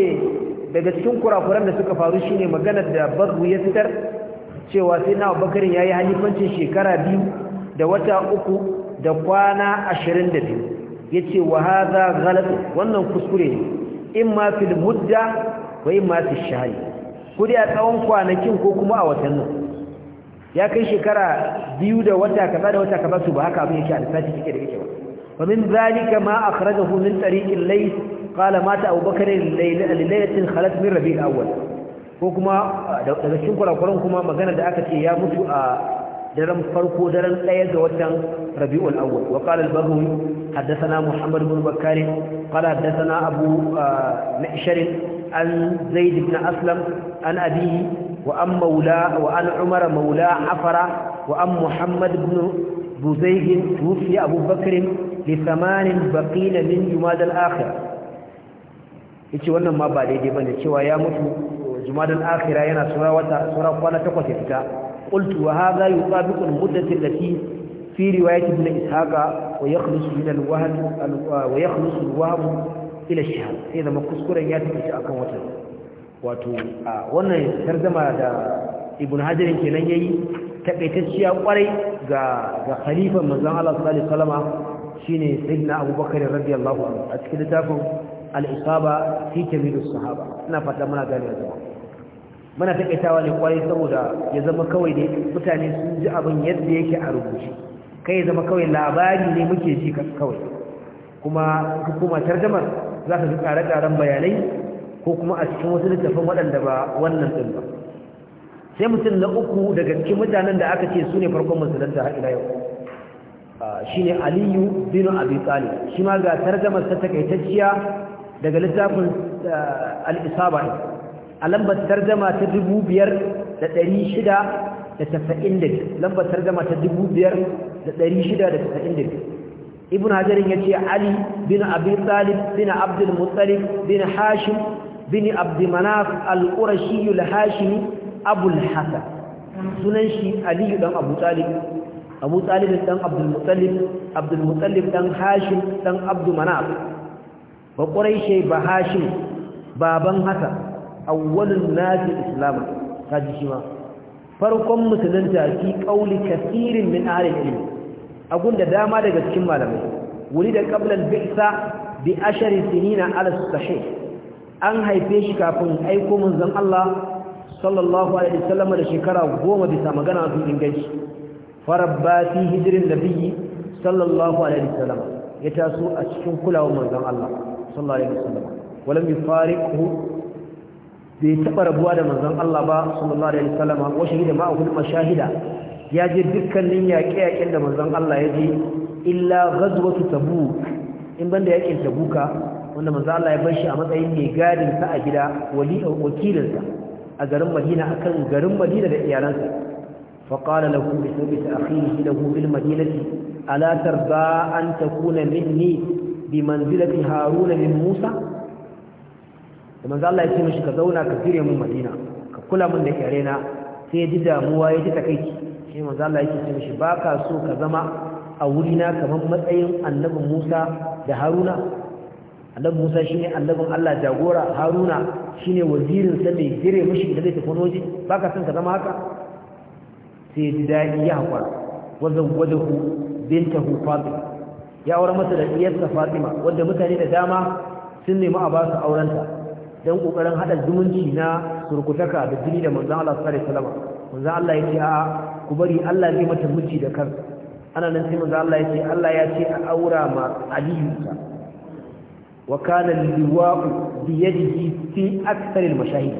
daga cikin kurakuran da suka faru shine maganar da bazu ya fitar cewa sai na abubakar ya yi halifancin shekara biyu da wata uku da kwana ashirin da biyu ya ce wa haza galatu wannan kuskure ne in ma fil mudda wa in ma fi shahari ku a tsawon kwanakin ko kuma a nan ya kai shekara biyu da wata kaza da wata kaza su ba haka abin yake a lissafi kike da kike ba wa min zalika ma akhrajahu min tariqil layl qala mata abubakar lailatin khalat min rabi'il awwal ko kuma daga cikin kurakuran kuma magana da aka ce ya mutu a daren farko daren daya ga watan rabi'ul awwal wa qala al-baghawi haddathana muhammad ibn bakkar qala haddathana abu ma'shar an zaid ibn aslam an abihi wa am maula wa an umar maula afara wa am muhammad ibn buzayh tufi abu bakr li thamanin baqina min jumad al-akhirah yace wannan ma ba daidai bane cewa ya mutu jumadal akhirah yana sura wata sura kwana takwas ya fita qultu wa hadha yuqabiqu al-muddati allati fi riwayat ibn ishaqa wa yakhlusu min al-wahd wa yakhlusu al ila ash-shahr sai da ya tafi akan wata wato wannan tarjuma da ibn hajar kenan yayi takaitacciya kwarai ga ga khalifan manzon Allah sallallahu alaihi wasallama shine sayyidina abubakar radiyallahu anhu a cikin littafin al-isaba fi kamilus sahaba ina fata muna gane yanzu muna takaitawa ne kwai saboda ya zama kawai da mutane sun ji abin yadda yake a rubuce kai ya zama kawai labari ne muke ji kawai kuma kuma tarjamar za ka ji ƙare bayanai ko kuma a cikin wasu littafin waɗanda ba wannan ɗin ba sai mutum na uku daga cikin mutanen da aka ce su ne farkon musulunta har ila yau ah, shi ne aliyu binu abi talib shi ma ga tarjamar ta takaitacciya daga littafin eh, al'isaba ne a lambar tarjama ta dubu biyar da ɗari shida da tafa'in da lambar tarjama ta dubu biyar da ɗari shida da tafa'in da ibn hajarin ya ce ali bin abi talib bin abdul Mutsalif, bin hashim bin abdimanaf al-qurashi al-hashimi abul hasan sunan shi aliyu don abu talib abu talib dan abdul Mutsalif, abdul Mutsalif dan hashim dan abdu manaf ba quraishi ba hashim baban haka awwalun nasi islama kaji shi ma farkon musulunta fi qauli kaseerin min ahli ilmi agunda dama daga cikin malamai wuri da qabla al-bi'sa bi ashari sinina ala sahih an haife shi kafin aiko zan Allah sallallahu alaihi wasallam da shekara 10 bisa magana su inganci farabba fi hijrin nabiyyi sallallahu alaihi wasallam ya taso a cikin kulawar manzon Allah sallallahu alaihi wasallam walam yufariqhu bai taba rabuwa da manzon Allah ba sallallahu alaihi wasallam wa shahida ma hul mashahida ya je dukkanin yaƙe-yaƙen da manzon Allah ya je illa ghazwatu tabuk in banda yaƙin tabuka wanda manzon Allah ya bar shi a matsayin mai gadin sa a gida wali wakilinsa a garin Madina akan garin Madina da iyalansa فقال له بسبب أخيه له بالمدينة ألا ترضى an تكون مني bi manzilati haruna min musa da manzo Allah ya ce mishi ka zauna ka fire mu madina ka kula mun da kyare na sai ya ji damuwa ya ji takaici sai manzo Allah ya ce mishi baka so ka zama a wuri na kaman matsayin annabi Musa da Haruna annabi Musa shine annabin Allah jagora Haruna shine wazirin sa mai jire mishi da zai tafi waje baka son ka zama haka sai ji dadi ya hakura wazan wajahu bintahu Fatima ya aure masa da iyarsa Fatima wanda mutane da dama sun nemi a ba su aurenta don kokarin hada zumunci na surkutaka da jini da manzon Allah sallallahu alaihi wasallam manzon Allah ya ce a ku bari Allah zai mata miji da kansa ana nan sai manzon Allah ya ce Allah ya ce a aura ma Aliyu ta. wa kana liwa'u bi yadihi fi akthar al-mashahid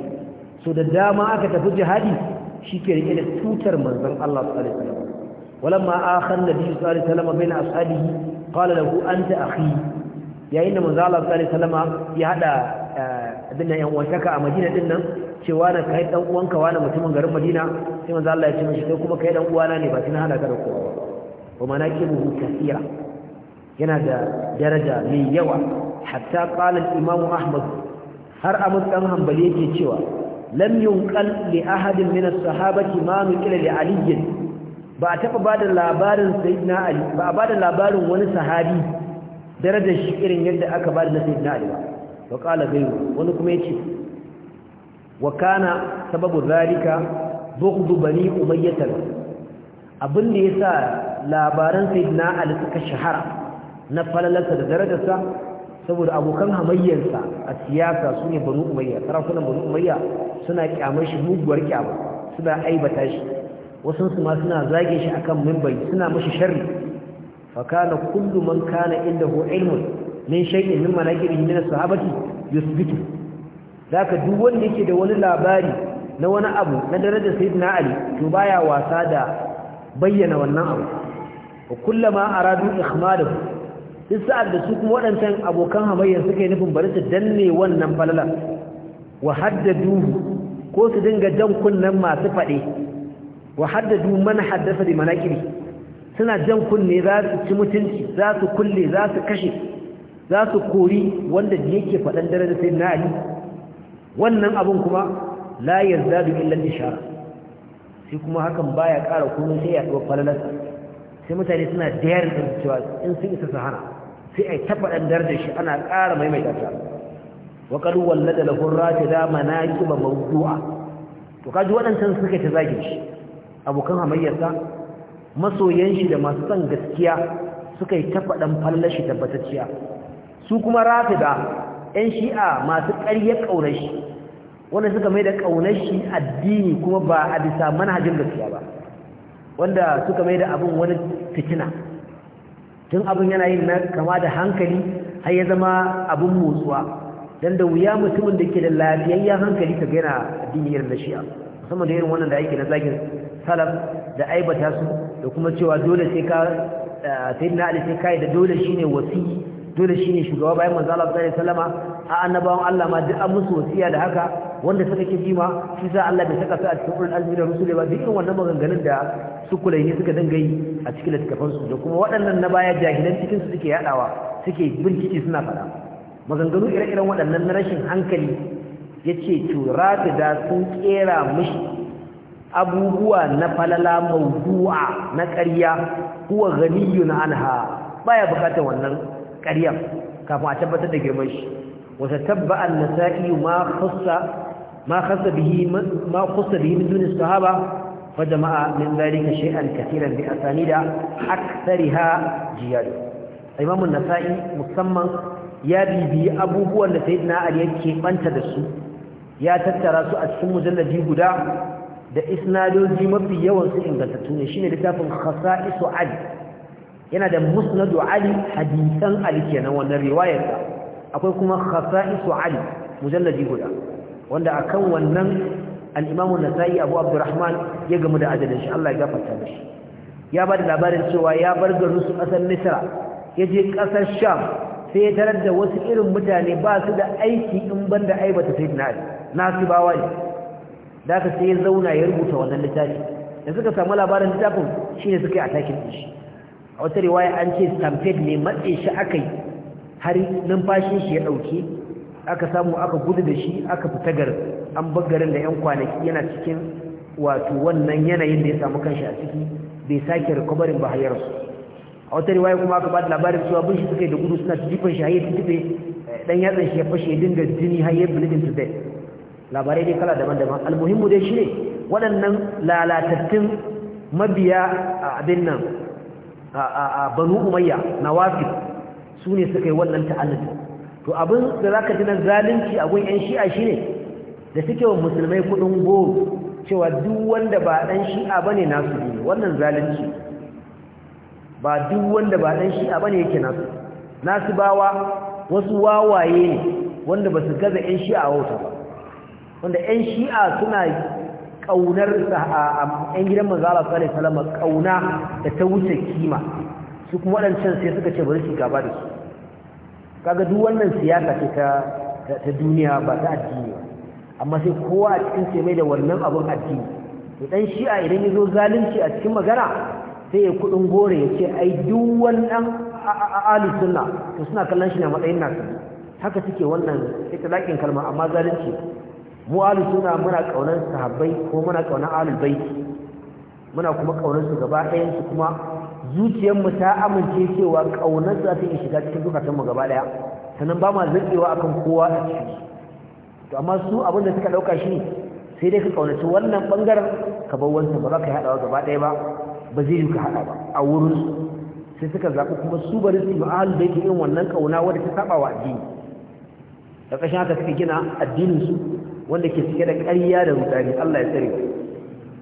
so da dama aka tafi jihadi shike rike da tutar manzon Allah sallallahu alaihi wasallam ولما آخر النبي صلى الله عليه وسلم بين أصحابه qala lahu anta akhi yayin da manzo Allah sallallahu alaihi wasallama ya hada abin nan yan uwantaka a Madina dinnan, nan cewa na kai dan uwanka wani mutumin garin Madina sai manzo Allah ya ce mishi kai kuma kai dan uwana ne ba kin hada ka da kowa wa manaqibuhu kaseera yana da daraja mai yawa hatta qala al-imam Ahmad har Ahmad dan Hanbali yake cewa lam yunqal li ahadin min as-sahabati ma nuqila li ba a taɓa ba da labarin sayidina ali ba a ba da labarin wani sahabi darajar shi irin yadda aka ba da na sayidina ali ba wa ƙala gaiwa wani kuma ya ce wa kana sababu zalika bughdu bani umayyah abin da sa labaran sayyidina ali suka shahara na falalarsa da darajarsa saboda abokan hamayyarsa a siyasa su ne banu umayya sarakunan banu umayya suna kyamar shi muguwar kyama suna aibata shi wasu su ma suna zage shi akan minbari suna mashi sharri fa kana kullu man kana indahu ilmun min shay'in min manaqib min sahabati yusbitu zaka duk wanda yake da wani labari na wani abu na darajar sayyidina ali to baya wasa da bayyana wannan abu wa kullama aradu ikhmadahu duk sa'ad da su kuma waɗancan abokan hamayyar suka yi nufin bari su danne wannan falala wa haddaduhu ko su dinga jan kunnen masu faɗe wa haddadu man haddasa bi manaqibi suna jan kunne za su ci mutunci za su kulle za su kashe za su kori wanda yake faɗan darajar sai na ali wannan abun kuma la yazdadu illa bishara sai kuma hakan baya ƙara kunun sai ya ɗauka falalarsa sai mutane suna dayar da cewa in sun isa su hana sai a yi ta faɗan darajar shi ana ƙara maimaita ta wa kalu wallada lahu rati da manaqiba mawdu'a to kaji waɗancan suke ta zage shi abokan hamayyarsa masoyan shi da masu son gaskiya suka yi tafaɗan faɗan shi tabbatacciya su kuma da 'yan shi'a masu ƙaryar ƙaunar shi wanda suka mai da ƙaunar shi addini kuma ba a bisa manhajin gaskiya ba wanda suka mai da abin wani fitina tun abin yana yin na kama da hankali har ya zama abin motsuwa don da wuya mutumin da ke da lafiyayyen hankali ka gana addini irin na shi'a musamman da irin wannan da ake na zagin salaf da aibata su da kuma cewa dole sai ka eh, sayyidina ali sai kai da dole shine wasi dole shine shugaba bayan manzo Allah sallallahu alaihi wasallama a annabawan Allah ma duk an musu wasiya da haka wanda suka ki jima shi sa Allah bai saka su a cikin Qur'an azmi da rusuli ba dukkan wannan maganganun da su kulaini suka dinga yi a cikin littafan su da kuma waɗannan na baya jahilan cikin su suke yadawa suke bincike suna fada maganganu ire-iren waɗannan na rashin hankali yace to da sun kera mishi abubuwa na falala mawdu'a na ƙarya huwa ghaniyun anha baya bukatar wannan ƙaryar kafin a tabbatar da girman shi wa tatabba an-nasa'i ma khassa ma khassa bihi ma khassa bihi min dun sahaba fa jama'a min dhalika shay'an katiran bi asanida akthariha jiyad imam an-nasa'i musamman ya bibi abubuwan da sayyidina ali yake banta da su ya tattara su a cikin mujallaji guda da isnadoji mafi yawan su ingantattu ne shine littafin khasa'isu ali yana da musnadu ali hadisan ali kenan wannan riwayar akwai kuma khasa'isu ali mujalladi guda wanda akan wannan al-imamu nasai abu abdurrahman ya gamu da adalin shi Allah ya gafarta mishi ya bada labarin cewa ya bar garin su kasar misra je kasar sham sai ya tarar da wasu irin mutane ba su da aiki in banda aibata sayyidina ali nasibawa ne da aka sai ya zauna ya rubuta wannan littafi da suka samu labarin littafin shine suka yi din shi a wata riwaya an ce stampede ne matse shi akai har numfashin shi ya dauke aka samu aka gudu da shi aka fita garin an bar garin da yan kwanaki yana cikin wato wannan yanayin da ya samu kanshi a ciki bai sake recovery ba har su a wata riwaya kuma aka ba da labarin cewa bin shi suka yi da gudu suna jifan shi hayar tuntube dan yatsan shi ya fashe dinga jini har ya bleeding to death labarai dai kala daban-daban almuhimmu dai shine waɗannan lalatattun mabiya a abin nan a banu umayya nawafil su ne suka yi wannan ta'allata to abin da zaka ji na zalunci a gun yan shi'a shine da suke wa musulmai kudin goro cewa duk wanda ba dan shi'a bane nasu ne wannan zalunci ba duk wanda ba dan shi'a bane yake nasu nasu bawa wasu wawaye ne wanda ba su gaza yan shi'a wauta ba wanda ƴan shi'a suna a ƴan gidan manzo su alaihi salama ƙauna da ta wuce kima su kuma waɗancan sai suka ce bari su gaba da su kaga duk wannan siyasa ce ta duniya ba ta addini ba amma sai kowa a cikin sai mai da wannan abun addini to dan shi'a idan ya zo zalunci a cikin magana sai ya kudin gore ya ce ai duk wannan ali sunna to suna kallon shi ne matsayin nasu haka suke wannan ita laƙin kalma amma zalunci mu ahlus sunna muna kaunar sahabbai ko muna kaunar ahlul bait muna kuma kaunar su gaba ɗayan su kuma zuciyar mu ta amince cewa kaunar za ta shiga cikin zukatan mu gaba ɗaya sannan ba ma zakewa akan kowa a cikin to amma su abin da suka dauka shi sai dai ka kaunaci wannan bangaren ka bar wancan ba za ka yi haɗawa gaba ɗaya ba ba zai yi ka haɗa ba a wurin sai suka zaɓi kuma su bari su yi ma'ahal da irin wannan ƙauna wanda ta saba wa addini da ƙashin haka suka gina addininsu wanda ke cike da ƙarya da rudani Allah ya tsare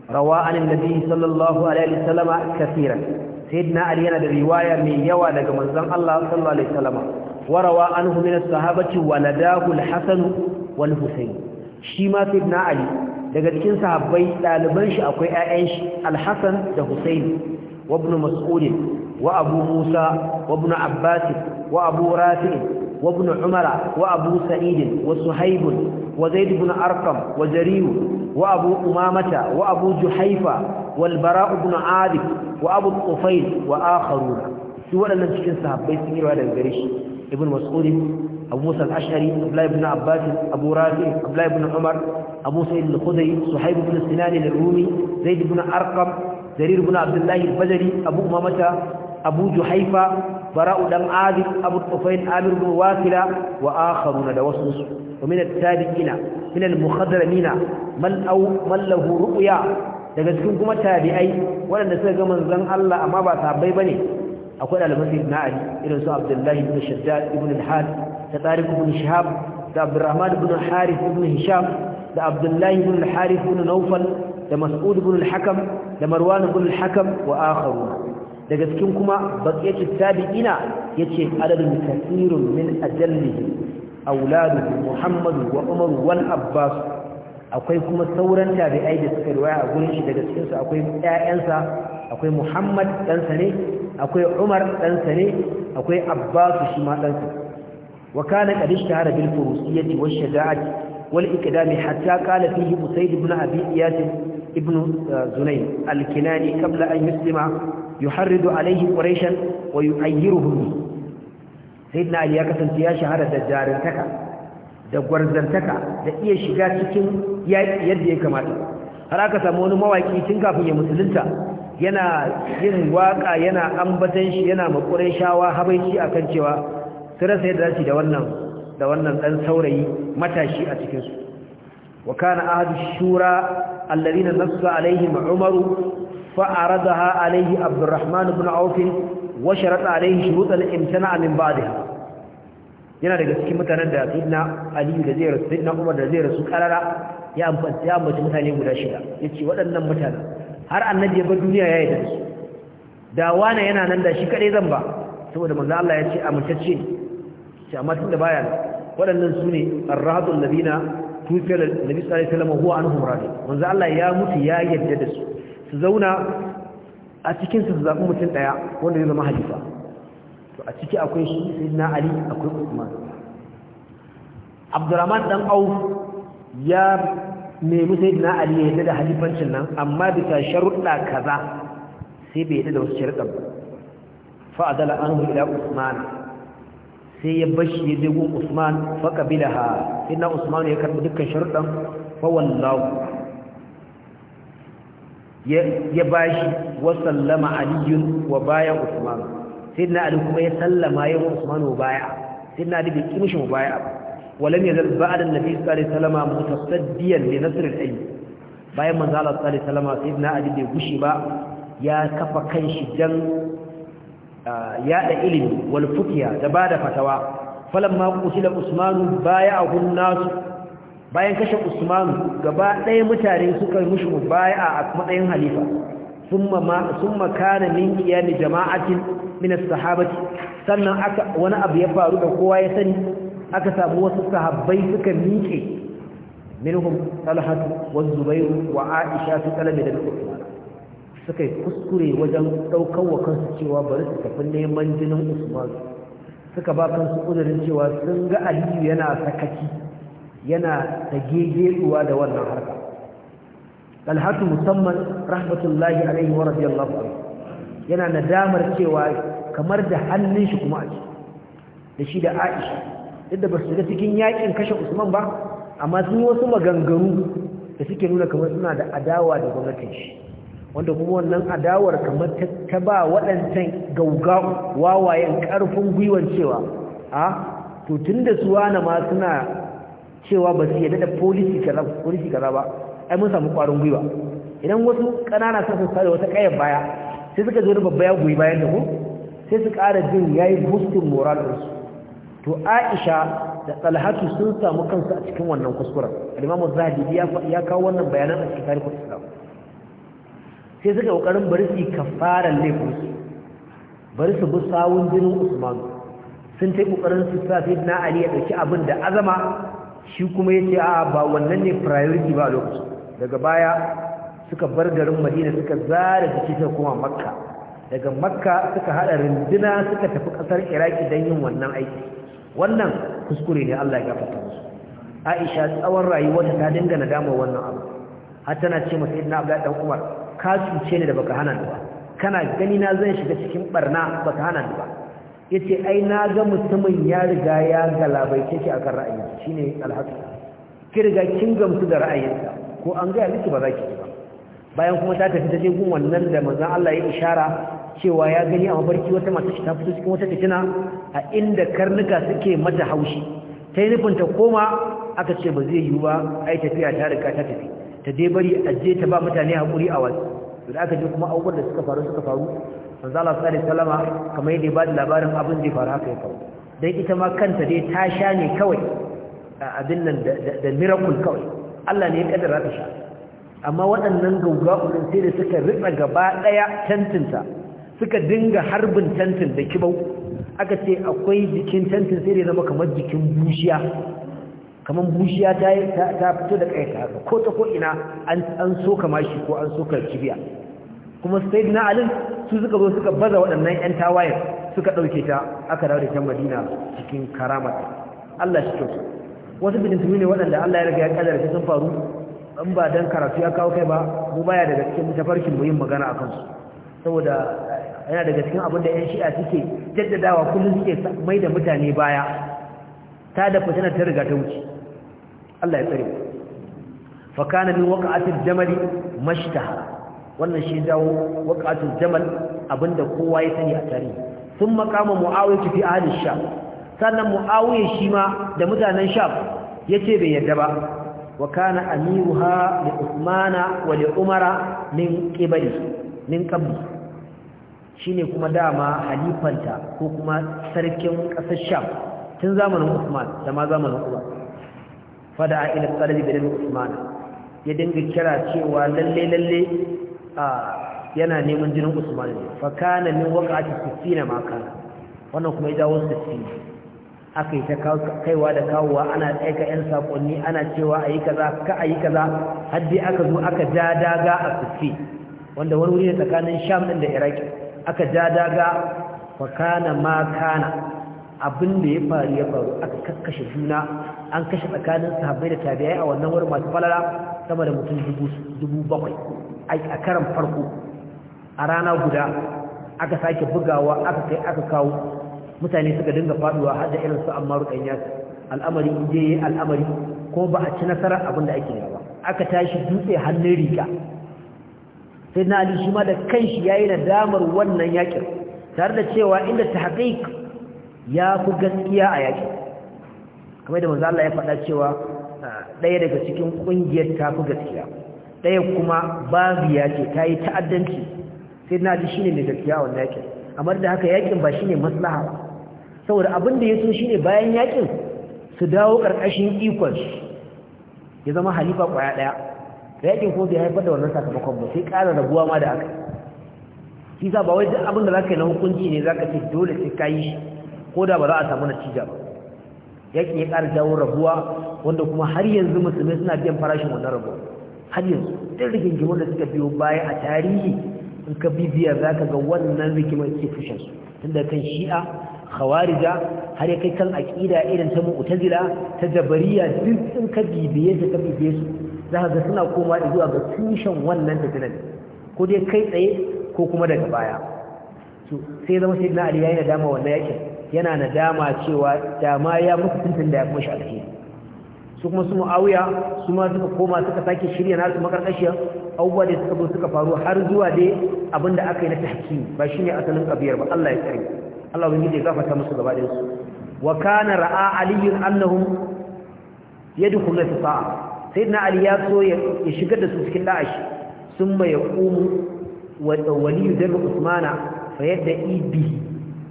rawa an annabi sallallahu alaihi wasallama kaseeran sayyidina ali yana da riwaya mai yawa daga manzon Allah sallallahu alaihi wasallama wa rawa anhu min as-sahabati waladahu al-hasan wal husayn shi ma sayyidina ali daga cikin sahabbai ɗaliban shi akwai ƴaƴan shi al-hasan da husayn wa ibn mas'ud wa abu musa wa ibn abbas wa abu rafi' وابن عمر وابو سعيد وصهيب وزيد بن أرقم وجرير وأبو أمامة وأبو جحيفة والبراء بن عاذب وأبو الطفيل وآخرون سوى أن نشكين صحابي سنير هذا الجريش ابن مسعود أبو موسى الأشعري أبلا بن عباس أبو رافع أبلا بن عمر أبو سعيد الخدري صحيب بن سنان الرومي زيد بن أرقم جرير بن عبد الله البجري أبو أمامة أبو جحيفة براء بن عاذب أبو الطفيل آمر بن واكلة وآخرون دوسوس ومن التابعين من المخضرمين من أو من له رؤيا daga cikin kuma tabi'ai waɗanda suka ga manzon Allah amma ba ba bane akwai ɗaliban na Ali irin su Abdullahi ibn Shaddad ibn al-Had da Tariq ibn Shihab da Abdurrahman ibn Harith ibn Hisham da Abdullahi ibn al-Harith ibn Nawfal da Mas'ud ibn al-Hakam da Marwan ibn al-Hakam wa akharuna daga cikin kuma baqiyatu tabi'ina yace adadun kathirun min ajallihi auladu muhammadu wa umaru wal abbas akwai kuma sauran tabi'ai da suka riwaya a gurin shi daga cikinsu su akwai ƴaƴansa akwai muhammad ɗansa ne akwai umar ɗansa ne akwai abbas shi ma dan wa kana qad ishtahara bil furusiyyati wash shaja'ati wal iqdami hatta qala fihi musayd ibn abi iyas ابن زنيد الكناني قبل أن يسلم يحرض عليه قريشا ويعيرهم sayyidina ali ya kasance ya shahara da jarintaka da gwarzantaka da iya shiga cikin yaki yadda ya kamata har aka samu wani mawaki tun kafin ya musulunta yana yin waka yana ambatan shi yana makurai shawa habaici akan cewa rasa yadda zasu da wannan da wannan dan saurayi matashi a cikin su wa kana ahadu shura alladhina nassa alaihim umaru fa aradaha alaihi abdurrahman ibn auf wa sharata alaihi shurutan imtana min ba'daha yana daga cikin mutanen da sayyidina ali da zai rasu sayyidina umar da zai rasu karara ya amfanta ya ambaci mutane guda shida yace waɗannan mutanen har annabi ya bar duniya ya yi da su da ne yana nan da shi kadai zan ba saboda manzo Allah ya ce amintacce ce amma tunda baya waɗannan su ne arhadul ladina tufiyar nabi sallallahu alaihi wasallam huwa anhum radi manzo Allah ya mutu ya yarda da su su zauna a cikin su zaɓi mutum ɗaya wanda zai zama halifa to a ciki akwai shi na ali akwai usman abdurrahman dan au ya nemi sai na ali ya yadda da halifancin nan amma bisa sharuɗa kaza sai bai yadda da wasu sharuɗan ba fa adala anhu ila usman sai ya bashi ya je gun usman fa sai inna usman ya karɓi dukkan sharuɗan fa wallahu ya bashi wa sallama aliyun wa baya usman sayyidina ali kuma ya sallama ya wa usman wa baya sai sayyidina ali bai kimishi wa baya walam yazal ba'da annabi sallallahu alaihi wasallam mutasaddiyan li nasr al-ayy bayan manzo Allah sallallahu alaihi wasallam sayyidina ali bai gushi ba ya kafa kanshi dan yada ilimi wal fukiya da bada fatawa falamma qutila Usmanu baya ahun nasu bayan kashe usman gaba ɗaya mutane suka mushi mubaya a matsayin halifa summa kana min iyali jama'atin min as-sahabati sannan aka wani abu ya faru da kowa ya sani aka samu wasu sahabbai suka miƙe minhum talhatu wa zubairu wa aisha su talabi da usman suka yi kuskure wajen daukar wa kansu cewa bari su tafi neman jinin usman suka ba kansu kudurin cewa sun ga aliyu yana sakaci yana da gegeduwa da wannan harka talhatu musamman rahmatullahi alaihi wa radiyallahu anhu yana nadamar cewa kamar da hannun shi kuma a ci da shi da Aisha duk da ba su ga cikin yakin kashe Usman ba amma sun wasu maganganu da suke nuna kamar suna da adawa da gwamnatin shi wanda kuma wannan adawar kamar ta ba waɗancan gaugawa wawayen ƙarfin gwiwan cewa a ah, to tunda su wani ma suna cewa ba su yadda da policy kaza kaza ba ai mun samu kwarin gwiwa idan wasu kanana sun sa da wata kayan baya sai suka zo da babba ya goyi bayan da ko sai su ƙara jin yayi boosting moral din su to Aisha da Talhatu sun samu kansu a cikin wannan kuskuren Al-Imam Zahabi ya ya kawo wannan bayanan a cikin tarihin Islam sai suka kokarin bari su kafaran laifin su bari su bi sawun jinin Usman sun ta kokarin su sa Sayyidina Ali ya dauki abin da azama shi kuma yace a ba wannan ne priority ba lokaci daga baya suka bar garin Madina suka zara jiki ta koma Makka daga Makka suka hada rinduna suka tafi kasar Iraki dan yin wannan aiki wannan kuskure ne Allah ya gafarta musu Aisha tsawon rayuwar ta dinga nadama wannan abu har tana ce masa na ga dan Umar ka cuce ni da baka hana ba kana gani na zan shiga cikin barna baka hana ba yace ai na ga mutumin ya riga ya galabai take akan ra'ayi shine alhaq ki riga kin gamsu da ra'ayinsa ko an ga miki ba za ki ba bayan kuma ta tafi ta je gun wannan da manzon Allah ya ishara cewa ya gani a mafarki wata mata ta fito cikin wata fitina a inda karnuka suke mata haushi ta yi nufin ta koma aka ce ba zai yiwu ba ai tafiya ta rika ta tafi ta dai bari a je ta ba mutane hakuri a wasu da aka je kuma abubuwan da suka faru suka faru manzo Allah sallallahu alaihi wasallama kamar yadda ba labarin abin da faru haka ya dan ita ma kanta dai ta sha ne kawai abin nan da miracle kawai Allah ne ya kaddara ta sha amma waɗannan gauga'urin sai da suka ritsa gaba ɗaya tantinta suka dinga harbin tantin da kibau aka ce akwai jikin tantin sai da zama kamar jikin bushiya kamar bushiya ta fito da ƙaita ko ta ko ina an so ka mashi ko an so kibiya kuma sai na alin su suka zo suka baza waɗannan 'yan tawayen suka ɗauke ta aka dawo da ta madina cikin karama Allah shi kyau wasu bidintumi ne waɗanda Allah ya riga ya da sun faru in ba don karatu ya kawo kai ba mu baya daga cikin tafarkin mu yin magana a kansu saboda yana daga cikin abin da 'yan shi'a suke jaddadawa kullum suke mai da mutane baya ta da fitinar ta riga ta wuce Allah ya tsare fa kana min waqa'atil jamali mashtaha wannan shi dawo waqatul jamal abinda kowa ya sani a tarihi sun makama muawiyah fi ahli sha. sannan muawiyah shi ma da mutanen sham yace bai yarda ba wa kana amiruha li usmana wa li umara min qibali min qabli shine kuma dama halifanta ko kuma sarkin kasar sham tun zamanin usman da ma zamanin umar fada ila qalbi bi usman ya dinga kira cewa lalle lalle yana neman jinin usman ne fa kana min waqati 60 ma kana wannan kuma ya dawo su aka yi ta kaiwa da kawowa ana aika yan sakonni ana cewa ayi kaza ka ayi kaza har dai aka zo aka ja daga a 60 wanda wani wuri ne tsakanin sham din da iraki aka ja daga fa kana ma kana abin da ya faru ya faru aka kakkashe juna an kashe tsakanin sahabbai da tabi'ai a wannan wurin masu falala sama da mutum dubu bakwai a karan farko a rana guda aka sake bugawa aka kai aka kawo mutane suka dinga faduwa har da irin su amma rukan ya al'amari in je al'amari ko ba a ci nasara abin da ake ba aka tashi dutse hannun riga sai na ali shi ma da kanshi yi nadamar wannan yakin tare da cewa inda tahqiq ya ku gaskiya a yakin kamar da manzo Allah ya faɗa cewa ɗaya daga cikin ƙungiyar ta fi gaskiya ɗaya kuma babiya ce ta yi ta'addanci sai na ji shi ne mai gaskiya wannan yaƙin. amma da haka yaƙin ba shi ne maslaha ba saboda abin da ya so shi ne bayan yaƙin, su dawo ƙarƙashin ikon ya zama halifa ƙwaya ɗaya yaƙin ko zai haifar da wannan sakamakon ba sai ƙara rabuwa ma da haka shi sa ba wai duk abin da za ka yi na hukunci ne za ka ce dole sai ka yi shi ko da ba za a samu natija ba Yaƙin ya ƙara jawo rabuwa wanda kuma har yanzu musulmai suna biyan farashin wannan rabuwa har yanzu duk rigingimu da suka biyo baya a tarihi in ka bibiya za ka ga wannan rigimar ke fushinsu tun kan shi'a khawarija har ya kai kan aƙida irin ta mu'tazila ta jabariya duk in ka bibiye su ka bibiye su za ka ga suna koma zuwa ga tushen wannan fitinan ko dai kai tsaye ko kuma daga baya sai zama sai na ali yayi nadama wannan yakin yana nadama cewa dama ya mutu tuntun da ya kuma shi alheri su kuma su mu'awiya su ma suka koma suka sake shirya nasu makarkashiyar abubuwa da suka zo suka faru har zuwa dai abinda aka yi na tahkimi ba shine asalin kabiyar ba Allah ya tsare Allah ubangiji ya gafarta musu gaba da su wa kana ra'a aliyun annahum yadkhulu fi sa'a na ali ya so ya shigar da su cikin da'ashi summa yaqumu wa waliyu da usmana fa yadda ibi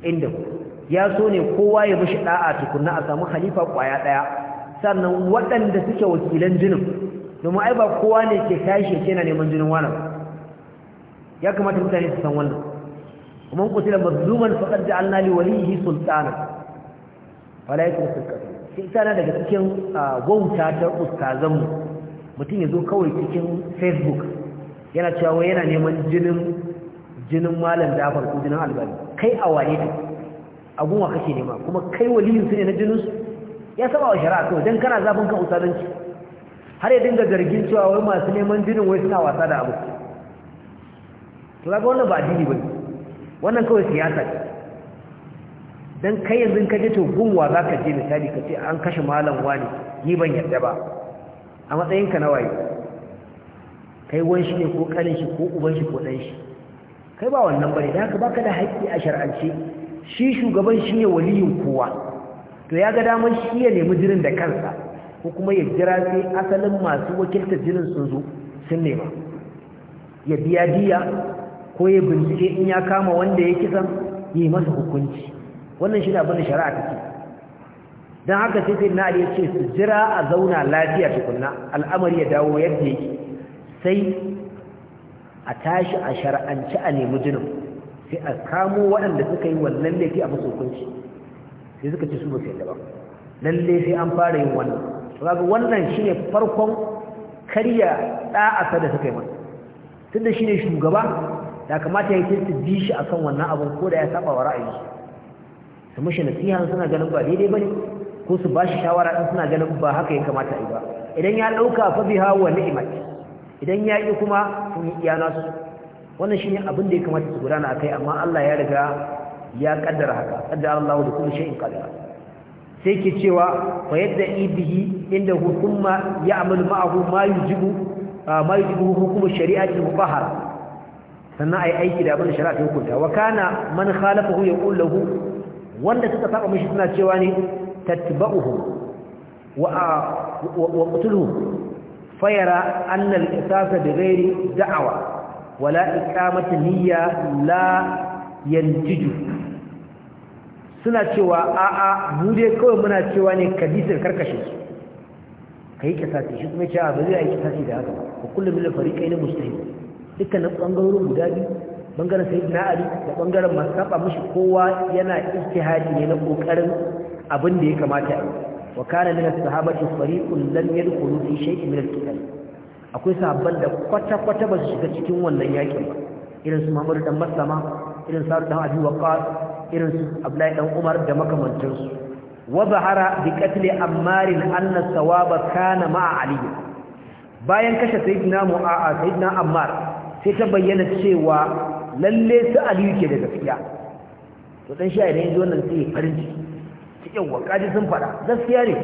inda ya so ne kowa ya bishi da'a tukunna a samu halifa ƙwaya ɗaya. sannan waɗanda suke wakilan jinin domin ai ba kowa ne ke tashi ke na neman jinin wani ya kamata mutane su san wannan kuma ku tila mazluman faqad ja'alna li walihi sultana wala yakun shi tana daga cikin wauta ta ustazan mu mutum yazo kawai cikin facebook yana cewa yana neman jinin jinin malam Jafar ko jinin Albani kai a wane ne abun wa kake nema kuma kai waliyin su ne na jinin su ya saba wa shari'a to don kana zafin kan usalanci har ya dinga zargin cewa wai masu neman jinin wai suna wasa da abu to kaga wannan ba addini bane wannan kawai siyasa ce dan kai yanzu ka je to gunwa zaka je misali ka ce an kashe malam wani ni ban yarda ba a matsayin ka na waye kai wani shi ne ko kanin shi ko uban shi ko dan kai ba wannan bane da haka baka da haƙƙi a shari'ance. shi shugaban shi ne waliyin kowa to ya ga damar shi ya nemi jirin da kansa ko kuma ya jira sai asalin masu wakilta jirin sun zo sun nema ya biya diya ko ya bincike in ya kama wanda ya kisan ya yi masa hukunci wannan shi da abin da shari'a take don haka sai sai na ya ce su jira a zauna lafiya tukunna al'amari ya dawo yadda yake sai a tashi a shar'anci a nemi jinin sai a kamo waɗanda suka yi wannan laifi a masu hukunci sai suka ci su ba su yadda ba lalle sai an fara yin wannan kaga wannan shine farkon karya ɗa'asa da suka yi masa tunda shine shugaba da kamata ya kinta ji shi kan wannan abin ko da ya saba wa ra'ayi su na nasiha suna ganin ba daidai ba ne ko su bashi shawara din suna ganin ba haka ya kamata a yi ba idan ya ɗauka fa biha wa ni'mat idan ya yi kuma sun yi iyana su wannan shine abin da ya kamata su gudana a kai amma Allah ya riga ya kaddara haka kaddara Allah da kullu shay'in qadara sai ke cewa fa yadda ibihi inda hukumma ya'malu ma'ahu ma yujibu ma yujibu hukum shari'ati mubahara sannan ai aiki da abin shari'a ta hukunta wa kana man khalafahu yaqul lahu wanda suka saba mishi suna cewa ne tatba'uhu wa qutluhu fayara anna al-isasa bighairi da'wa wala iqamati niyya la yanjiju suna cewa a'a bude kawai muna cewa ne kadisir karkashe su kai kisasi shi kuma cewa ba zai yi kisasi da haka ba kullum da min fariqaini mustahil na bangarorin guda biyu bangaren sayyidina ali da bangaren masu saba mushi kowa yana ijtihadi ne na kokarin abin da ya kamata a yi wa kana min as-sahabati fariqun lam yadkhulu fi shay'in min al-kitab akwai sahabban da kwata kwata ba su shiga cikin wannan yakin ba irin su Muhammad dan Maslama irin sa'ad dan Abi waqas irin su Abdullahi dan Umar da makamantansu wa zahara bi qatli Ammar anna sawaba kana ma'a Ali bayan kashe sayyidina Mu'a sayyidina Ammar sai ta bayyana cewa lalle su Ali yake da gaskiya to dan shi ne yanzu wannan sai farin ciki cikin wakadi sun fada gaskiya ne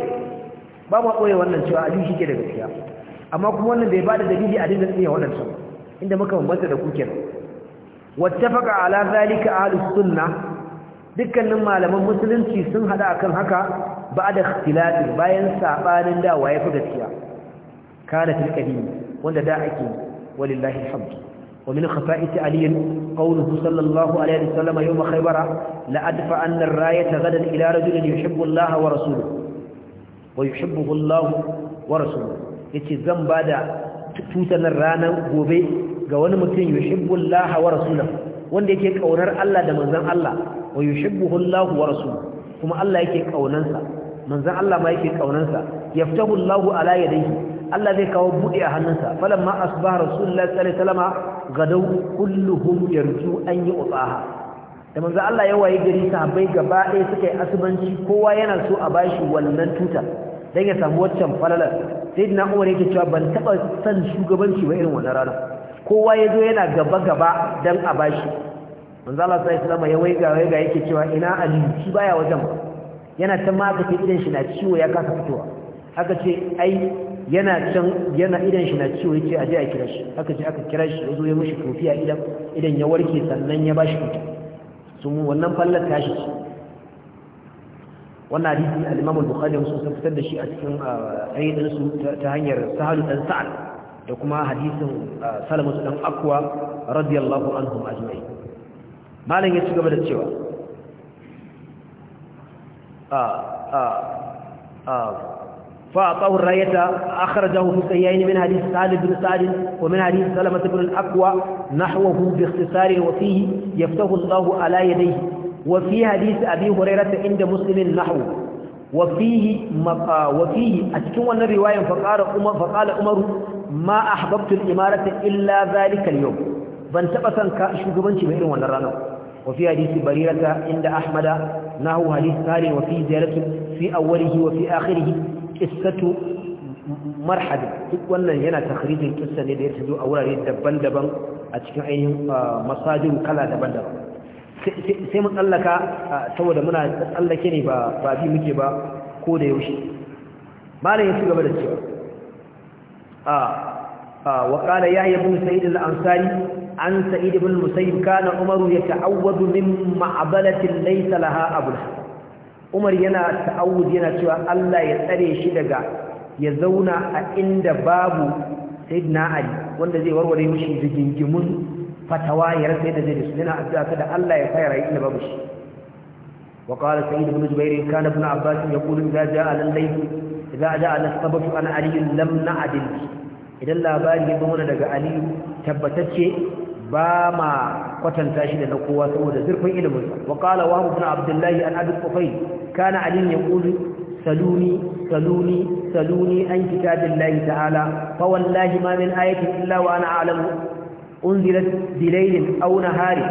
ba ma koyi wannan cewa Ali shi ke da gaskiya amma kuma wannan bai bada dalili a dinga tsiya wannan inda muka bambanta da kuke kenan wattafaqa ala zalika ahlus sunnah dukkanin malaman musulunci sun hada akan haka ba da ikhtilafin bayan sabanin da waye fi gaskiya kana fil qadim wanda da ake walillahi alhamd wa min khafa'ati ali qawluhu sallallahu alaihi wasallam yawm khaybara la adfa anna ar-rayata gadan ila rajulin yuhibbu Allah wa rasuluhu wa yuhibbuhu Allah wa rasuluhu yace zan bada tutanar ranar gobe ga wani mutum yuhibbu Allah wa rasuluhu wanda yake kaunar Allah da manzan Allah wa yuhibbuhu Allah wa kuma Allah yake kaunansa manzan Allah ma yake kaunansa yaftahu Allah ala yadayhi Allah zai kawo bude a hannunsa falamma asbaha rasulullahi sallallahu alaihi wasallam gadau kulluhum yarju an yu'taha da manzon Allah ya waye gari sahabbai gaba ɗaya suka yi asubanci kowa yana so a bashi wannan tuta dan ya samu waccan falalar sayyidina Umar yake cewa ban taba san shugabanci ba irin wannan rana kowa ya zo yana gaba-gaba don a bashi Allah sai islama ya waiga waiga yake cewa ina aliyu shi baya wajen yana can ma aka ce idan shi na ciwo ya kasa fitowa aka ce ai yana can yana idan shi na ciwo ce aje a kira shi aka ce aka kira shi yazo ya mushi tofiya idan idan ya warke sannan ya bashi fito sun wannan fallar tashi ce wannan hadisi al-Imam al-Bukhari sun fitar da shi a cikin ayyukan ah, su ta hanyar sahalu dan Sa'ad da kuma hadisin salamatu dan akwa radiyallahu anhum ajma'i malam ya ci gaba da cewa a a a فأعطاه الراية أخرجه في السيئين من حديث سعد بن سعد ومن حديث سلمة بن الأقوى نحوه باختصار وفيه يفتح الله على يديه وفي حديث أبي هريرة عند مسلم نحوه وفيه مقا وفيه أتكون الرواية فقال أمر, فقال أمر ma ahbabtu al-imarata illa zalika al-yawm ban taba san ka shugabanci ba irin wannan ranar wa fi hadisi barirata inda ahmada nahu hadith sari wa fi ziyaratu fi awwalihi wa fi akhirih qissatu marhad duk wannan yana takhrijin kissa ne da ya tazo a wurare daban-daban a cikin ainihin masajin kala daban-daban sai mun tsallaka saboda muna tsallake ne ba bi muke ba ko da yaushe malam ya ci gaba da cewa وقال يحيى بن سعيد الأنصاري عن سعيد بن المسيب كان عمر يتعوذ من معبلة ليس لها أبلة عمر ينا تعوذ ينا سوى الله يتري شدقا يزونا عند باب سيدنا علي wanda zai warware mishi rigingimun fatawa ya rasa yadda zai da su yana addu'a kada Allah ya fara yi babu shi wa qala sa'id ibn jubair idza ja'a nasabatu an ali lam na'dil idan labari ya bauna daga ali tabbatacce ba ma kwatanta shi da na kowa saboda zurfin ilimin sa wa qala wa ibn abdullahi an abi qufay kana ali yaqulu saluni saluni saluni an kitabillahi ta'ala fa wallahi ma min ayatin illa wa ana a'lamu unzilat bilailin aw nahari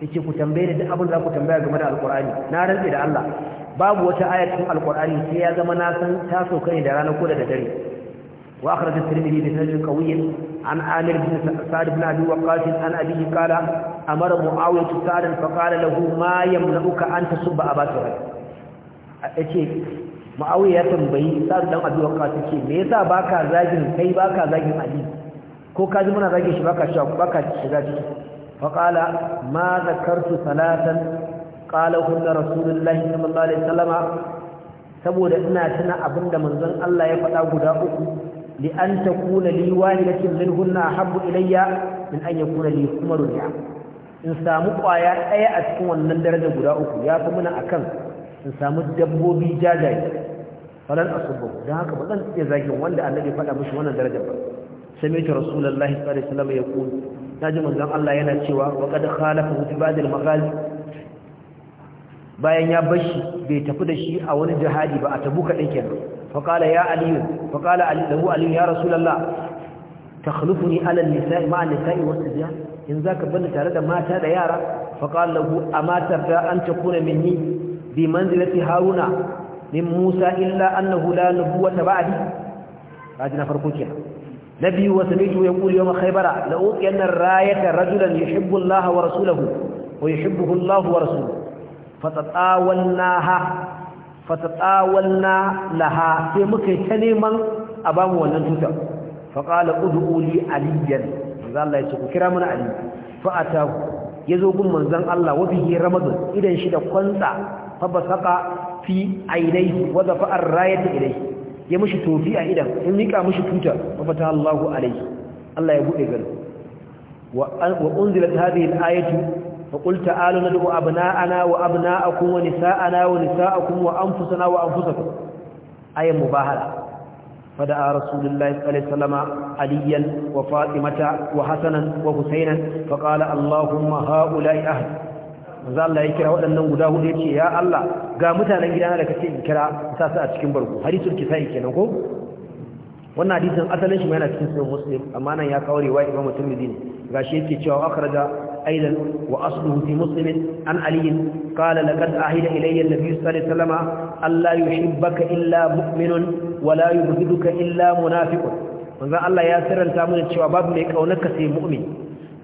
yace ku tambaye da abin za ku tambaya game da alqur'ani na rantsi da Allah babu wata ayatun cikin alqur'ani sai ya zama na san ta soka ne da rana ko da dare wa akhraj at-tirmidhi bi sanadin qawiyyin an amir bin sa'd ibn abi waqqas an abi qala amara muawiyah sa'dan fa qala lahu ma yamna'uka an tasubba aba sufyan yace muawiyah ya tambayi sa'd dan abi waqqas yace me yasa baka zagin kai baka zagin abi ko ka ji muna zage shi baka shi baka shiga ciki fa qala ma zakartu salatan qala hunna rasulullahi sallallahu alaihi wasallama saboda ina tuna abinda manzon Allah ya faɗa guda uku li an takuna li wahidatin minhunna habbu ilayya min an yakuna li umaru ya in samu kwaya daya a cikin wannan daraja guda uku ya fi muna akan in samu dabbobi jajaye falan asubbu dan haka ba zan iya zagin wanda annabi faɗa mishi wannan darajar ba sai sami'tu rasulullahi sallallahu alaihi wasallam yaqul naji manzon Allah yana cewa wa qad khalafa bi ba'd al-maghazi bayan ya bashi bai tafi da shi a wani jihadi ba a tabu kaɗai kenan fa qala ya ali fa lahu ali ya rasulullah takhlufuni ala an-nisa'i ma'a an-nisa'i was-sibyan in zaka bani tare da mata da yara fa qala lahu amata ta an takuna minni bi manzilati haruna min musa illa annahu la nubuwata ba'di hadi na farko kenan nabi wa samitu yaqul yawm khaybara la uqiyanna rayata rajulan yuhibbu allaha wa rasulahu wa yuhibbuhu allahu wa rasuluhu fatatawalnaha fatatawalna laha sai muka yi ta neman a ba mu wannan tutar faƙala ud'u li aliyan manzo Allah ya ce ku kira mana ali fa atahu yazo gun manzon Allah wa bihi ramadan idan shi da kwantsa fa basaka fi ainihi wa dafa ar-rayata ilayhi ya mushi tofi a idan in mika mushi tutar fa fata Allahu alayhi Allah ya buɗe gari wa unzilat hadhihi al-ayatu فقل تعالوا ندعو أبناءنا وأبناءكم ونساءنا ونساءكم وأنفسنا وأنفسكم آية مباهلة فدعا رسول الله صلى الله عليه وسلم عليا وفاطمة وحسنا وحسينا فقال اللهم هؤلاء أهل manzo Allah ya kira waɗannan guda hudu yace ya Allah ga mutanen gidana da kace in kira sa a cikin barko hadisul kisai kenan ko wannan hadisin asalin shi yana cikin sahih muslim amma nan ya kawo riwaya Imam Tirmidhi ne gashi yake cewa akhraja أيضا وأصله في مسلم عن علي قال لقد عهد إلي النبي صلى الله عليه وسلم ألا يحبك إلا مؤمن ولا إلا منافق ya sirranta mana cewa babu mai kaunarka sai mu'min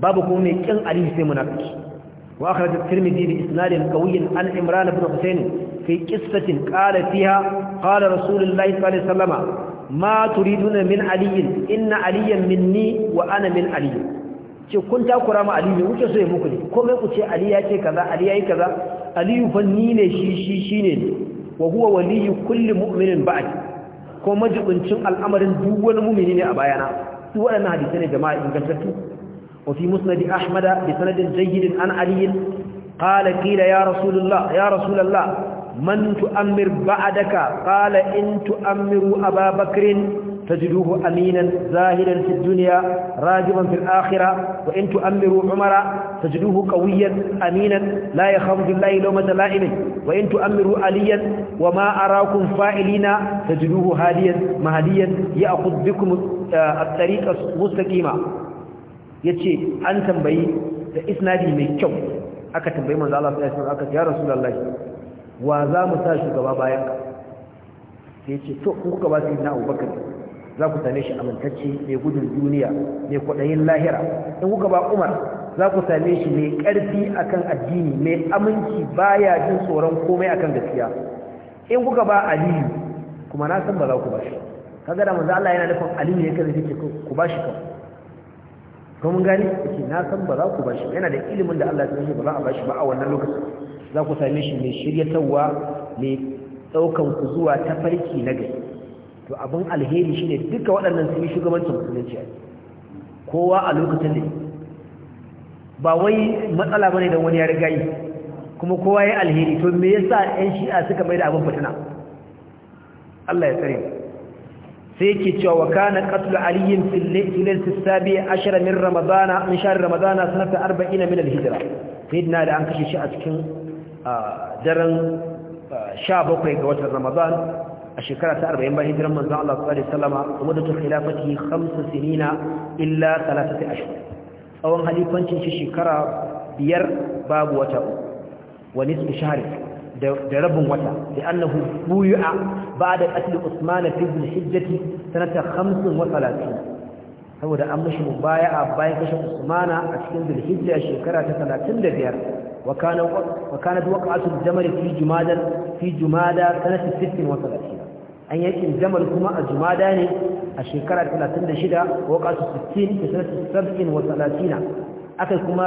babu kuma mai kin Ali sai munafiki wa akhraj at isnadin qawiyyin an Imran ibn fi qissatin qala fiha qala ma turiduna min Ali inna Aliyan minni wa ana min ce kun takura ma aliyu ne wuce so ya muku ne komai ku ce ali ya ce kaza ali ya yi kaza aliyu fa ni ne shi shi shi ne wa huwa waliyu kulli mu'minin ba'd ko majibincin al'amarin duk wani mu'mini ne a bayana duk waɗannan hadisi ne jama'a ingantattu wa fi musnad ahmad bi sanadin jayyid an ali qala qila ya rasulullah ya rasulullah man tu'ammir ba'daka qala in tu'ammiru ababakrin تجدوه أمينا زاهدا في الدنيا راجبا في الآخرة وإن تؤمروا عمر تجدوه قويا أمينا لا يخاف بالله لومة لائم وإن تؤمروا عليا وما أراكم فاعلين تجدوه هاديا مهديا يأخذ بكم الطريق المستقيمة yace an tambayi da isnadi mai kyau aka tambayi manzo Allah sallallahu alaihi wasallam aka ya rasulullahi wa za mu sa shugaba bayan ka sai yace to in kuka ba sai na Abubakar za ku same shi amintacce mai gudun duniya mai kwaɗayin lahira in kuka ba umar za ku same shi mai ƙarfi akan addini mai aminci baya jin tsoron komai akan gaskiya in kuka ba aliyu kuma na san ba za ku ba shi kaga da manzo Allah yana nufin aliyu ne kai ce ku ba shi kan kuma mun gani yake na san ba za ku ba shi yana da ilimin da Allah ya sani ba za a ba shi ba a wannan lokacin za ku same shi mai shiryatawa mai daukan ku zuwa tafarki na gari to abin alheri shine duka waɗannan sun yi shugabancin musulunci kowa a lokacin da ba wai matsala bane da wani ya riga yi kuma kowa ya alheri to me yasa ƴan shi'a suka mai da abin fitina Allah ya tsare sai yake cewa wa kana qatlu aliyin fil layl as-sabi' ashara min ramadana min shahr ramadana sanata 40 min al-hijra sayyidina da an kashe shi a cikin ah, daren 17 ah, ga watan ramadan a shekara ta 40 bayan hijiran manzon Allah sallallahu alaihi wasallam kuma da khilafati 5 sinina illa 3 ashhur tsawon halifancin shi shekara biyar babu wata wa nisfu shahri da rabin wata da annahu buyu'a ba'da qatl Usman fi al-hijjati sanata 35 saboda an mishi mubaya'a bayan kashe Usmana a cikin Zulhijja shekara ta 35 وكانت وقعة الجمل في جمادى في جمادى سنة 36 an yakin jamal kuma a jumada ne a shekara 36 wa qasu 60 fi sanati 37 aka kuma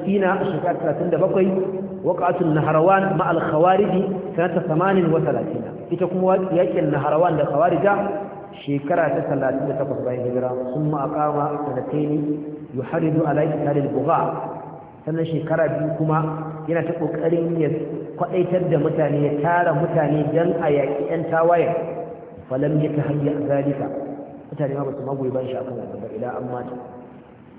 60 a shekara 37 wa qasu naharawan ma al khawarij sanata 38 ita kuma yakin naharawan da khawarija shekara ta 38 bayan hijira kuma aqama sanatayn yuharidu ala ikhtari al bugha sannan shekara biyu kuma yana ta ƙoƙarin ya kwadaitar da mutane ya tara mutane dan a yaki yan tawaye falam yatahayya zalika mutane ma ba su magoyi ban shi akan wannan ba an mata.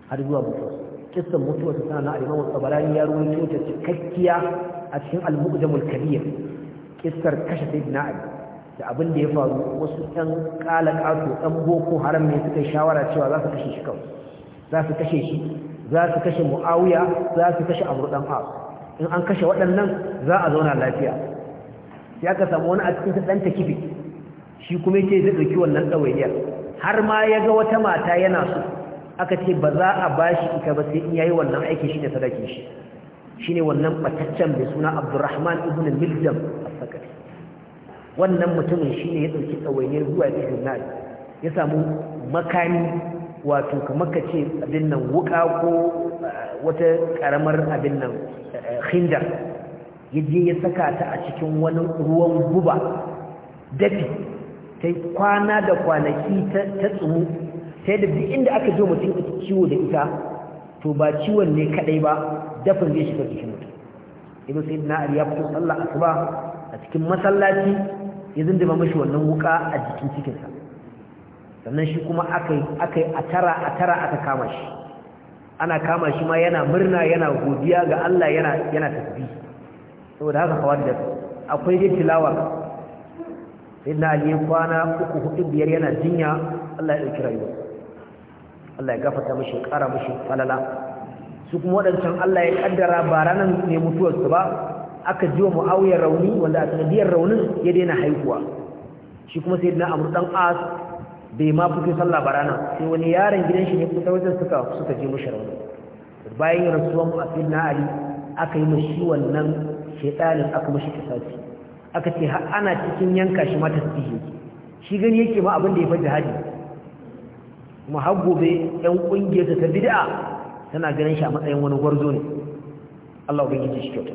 har zuwa mutuwa kissan mutuwa ta sana al-Imam al-Tabarani ya rawaito ta cikakkiya a cikin al-Mu'jamul Kabir kissar kashe Sayyidina Ali da abin da ya faru wasu ɗan ƙalaƙato ɗan boko haram ne suka shawara cewa za su kashe shi kawai za su kashe shi za su kashe mu'awiya za su kashe amur ɗan as in an kashe waɗannan za a zauna lafiya sai aka samu wani a cikin ɗan ta shi kuma yake zai ɗauki wannan ɗawainiyar har ma ya ga wata mata yana so aka ce ba za a ba shi ita ba sai in yayi wannan aikin shi da sadakin shi ne wannan ɓataccen mai suna Abdurrahman ibn Miljam a sakari wannan mutumin ne ya ɗauki ɗawainiyar zuwa cikin nari ya samu makami wato kamar ka ce abin nan wuka ko wata karamar abin nan eh, ya yaje ya saka ta a cikin wani ruwan guba dafi sai kwana da kwanaki ta tsumu sai da duk inda aka zo mutum ciwo da ita to ba ciwon ne kadai ba dafin zai shiga cikin mutum ibn sai ali ya fito sallah asuba a cikin masallaci ya zindima mashi wannan wuka a jikin cikinsa sannan shi kuma akai akai a tara a tara aka kama shi ana kama shi ma yana murna yana godiya ga Allah yana yana tasbih saboda haka fawadda akwai yin tilawa inna ali kwana uku hudu biyar yana jinya Allah ya dauki rayuwa Allah ya gafarta mishi kara mishi falala su kuma wadancan Allah ya kaddara ba ranar ne mutuwar su ba aka jiwa mu'awiyar rauni wanda a sanadiyar raunin ya daina haihuwa shi kuma sayyidina amr dan as bai ma fito sallah ba rana. sai wani yaron gidan shi ne kusa wajen suka suka je mushi rauni bayan rasuwan asir na ali aka yi mashi wannan shaitanin aka mashi kisasi aka ce ana cikin yanka shi ma tasbihi shi gani yake ma abin da ya faɗi haji kuma har gobe yan kungiyar ta bid'a tana ganin shi a matsayin wani gwarzo ne Allah ubangiji shi kyauta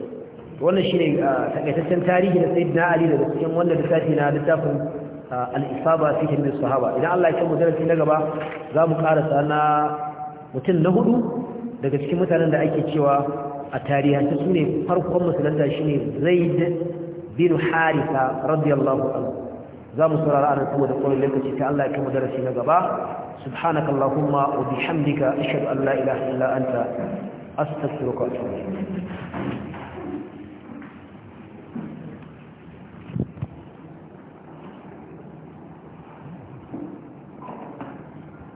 wannan shine ah, takaitaccen tarihi na sayyidina ali daga cikin wannan littafi na littafin al'isaba fi hilmin sahaba idan Allah ya kyan mutarasi na gaba za mu karasa na mutum na hudu daga cikin mutanen da ake cewa a tarihanta su ne farkon musulunta shi ne zaid bin harisa radiyallahu ala za mu saurara ana saboda kwanan lokaci ta Allah ya kyan darasi na gaba subhanaka Allahumma wa bihamdika ashhadu an la ilaha illa anta astaghfiruka wa atubu ilayk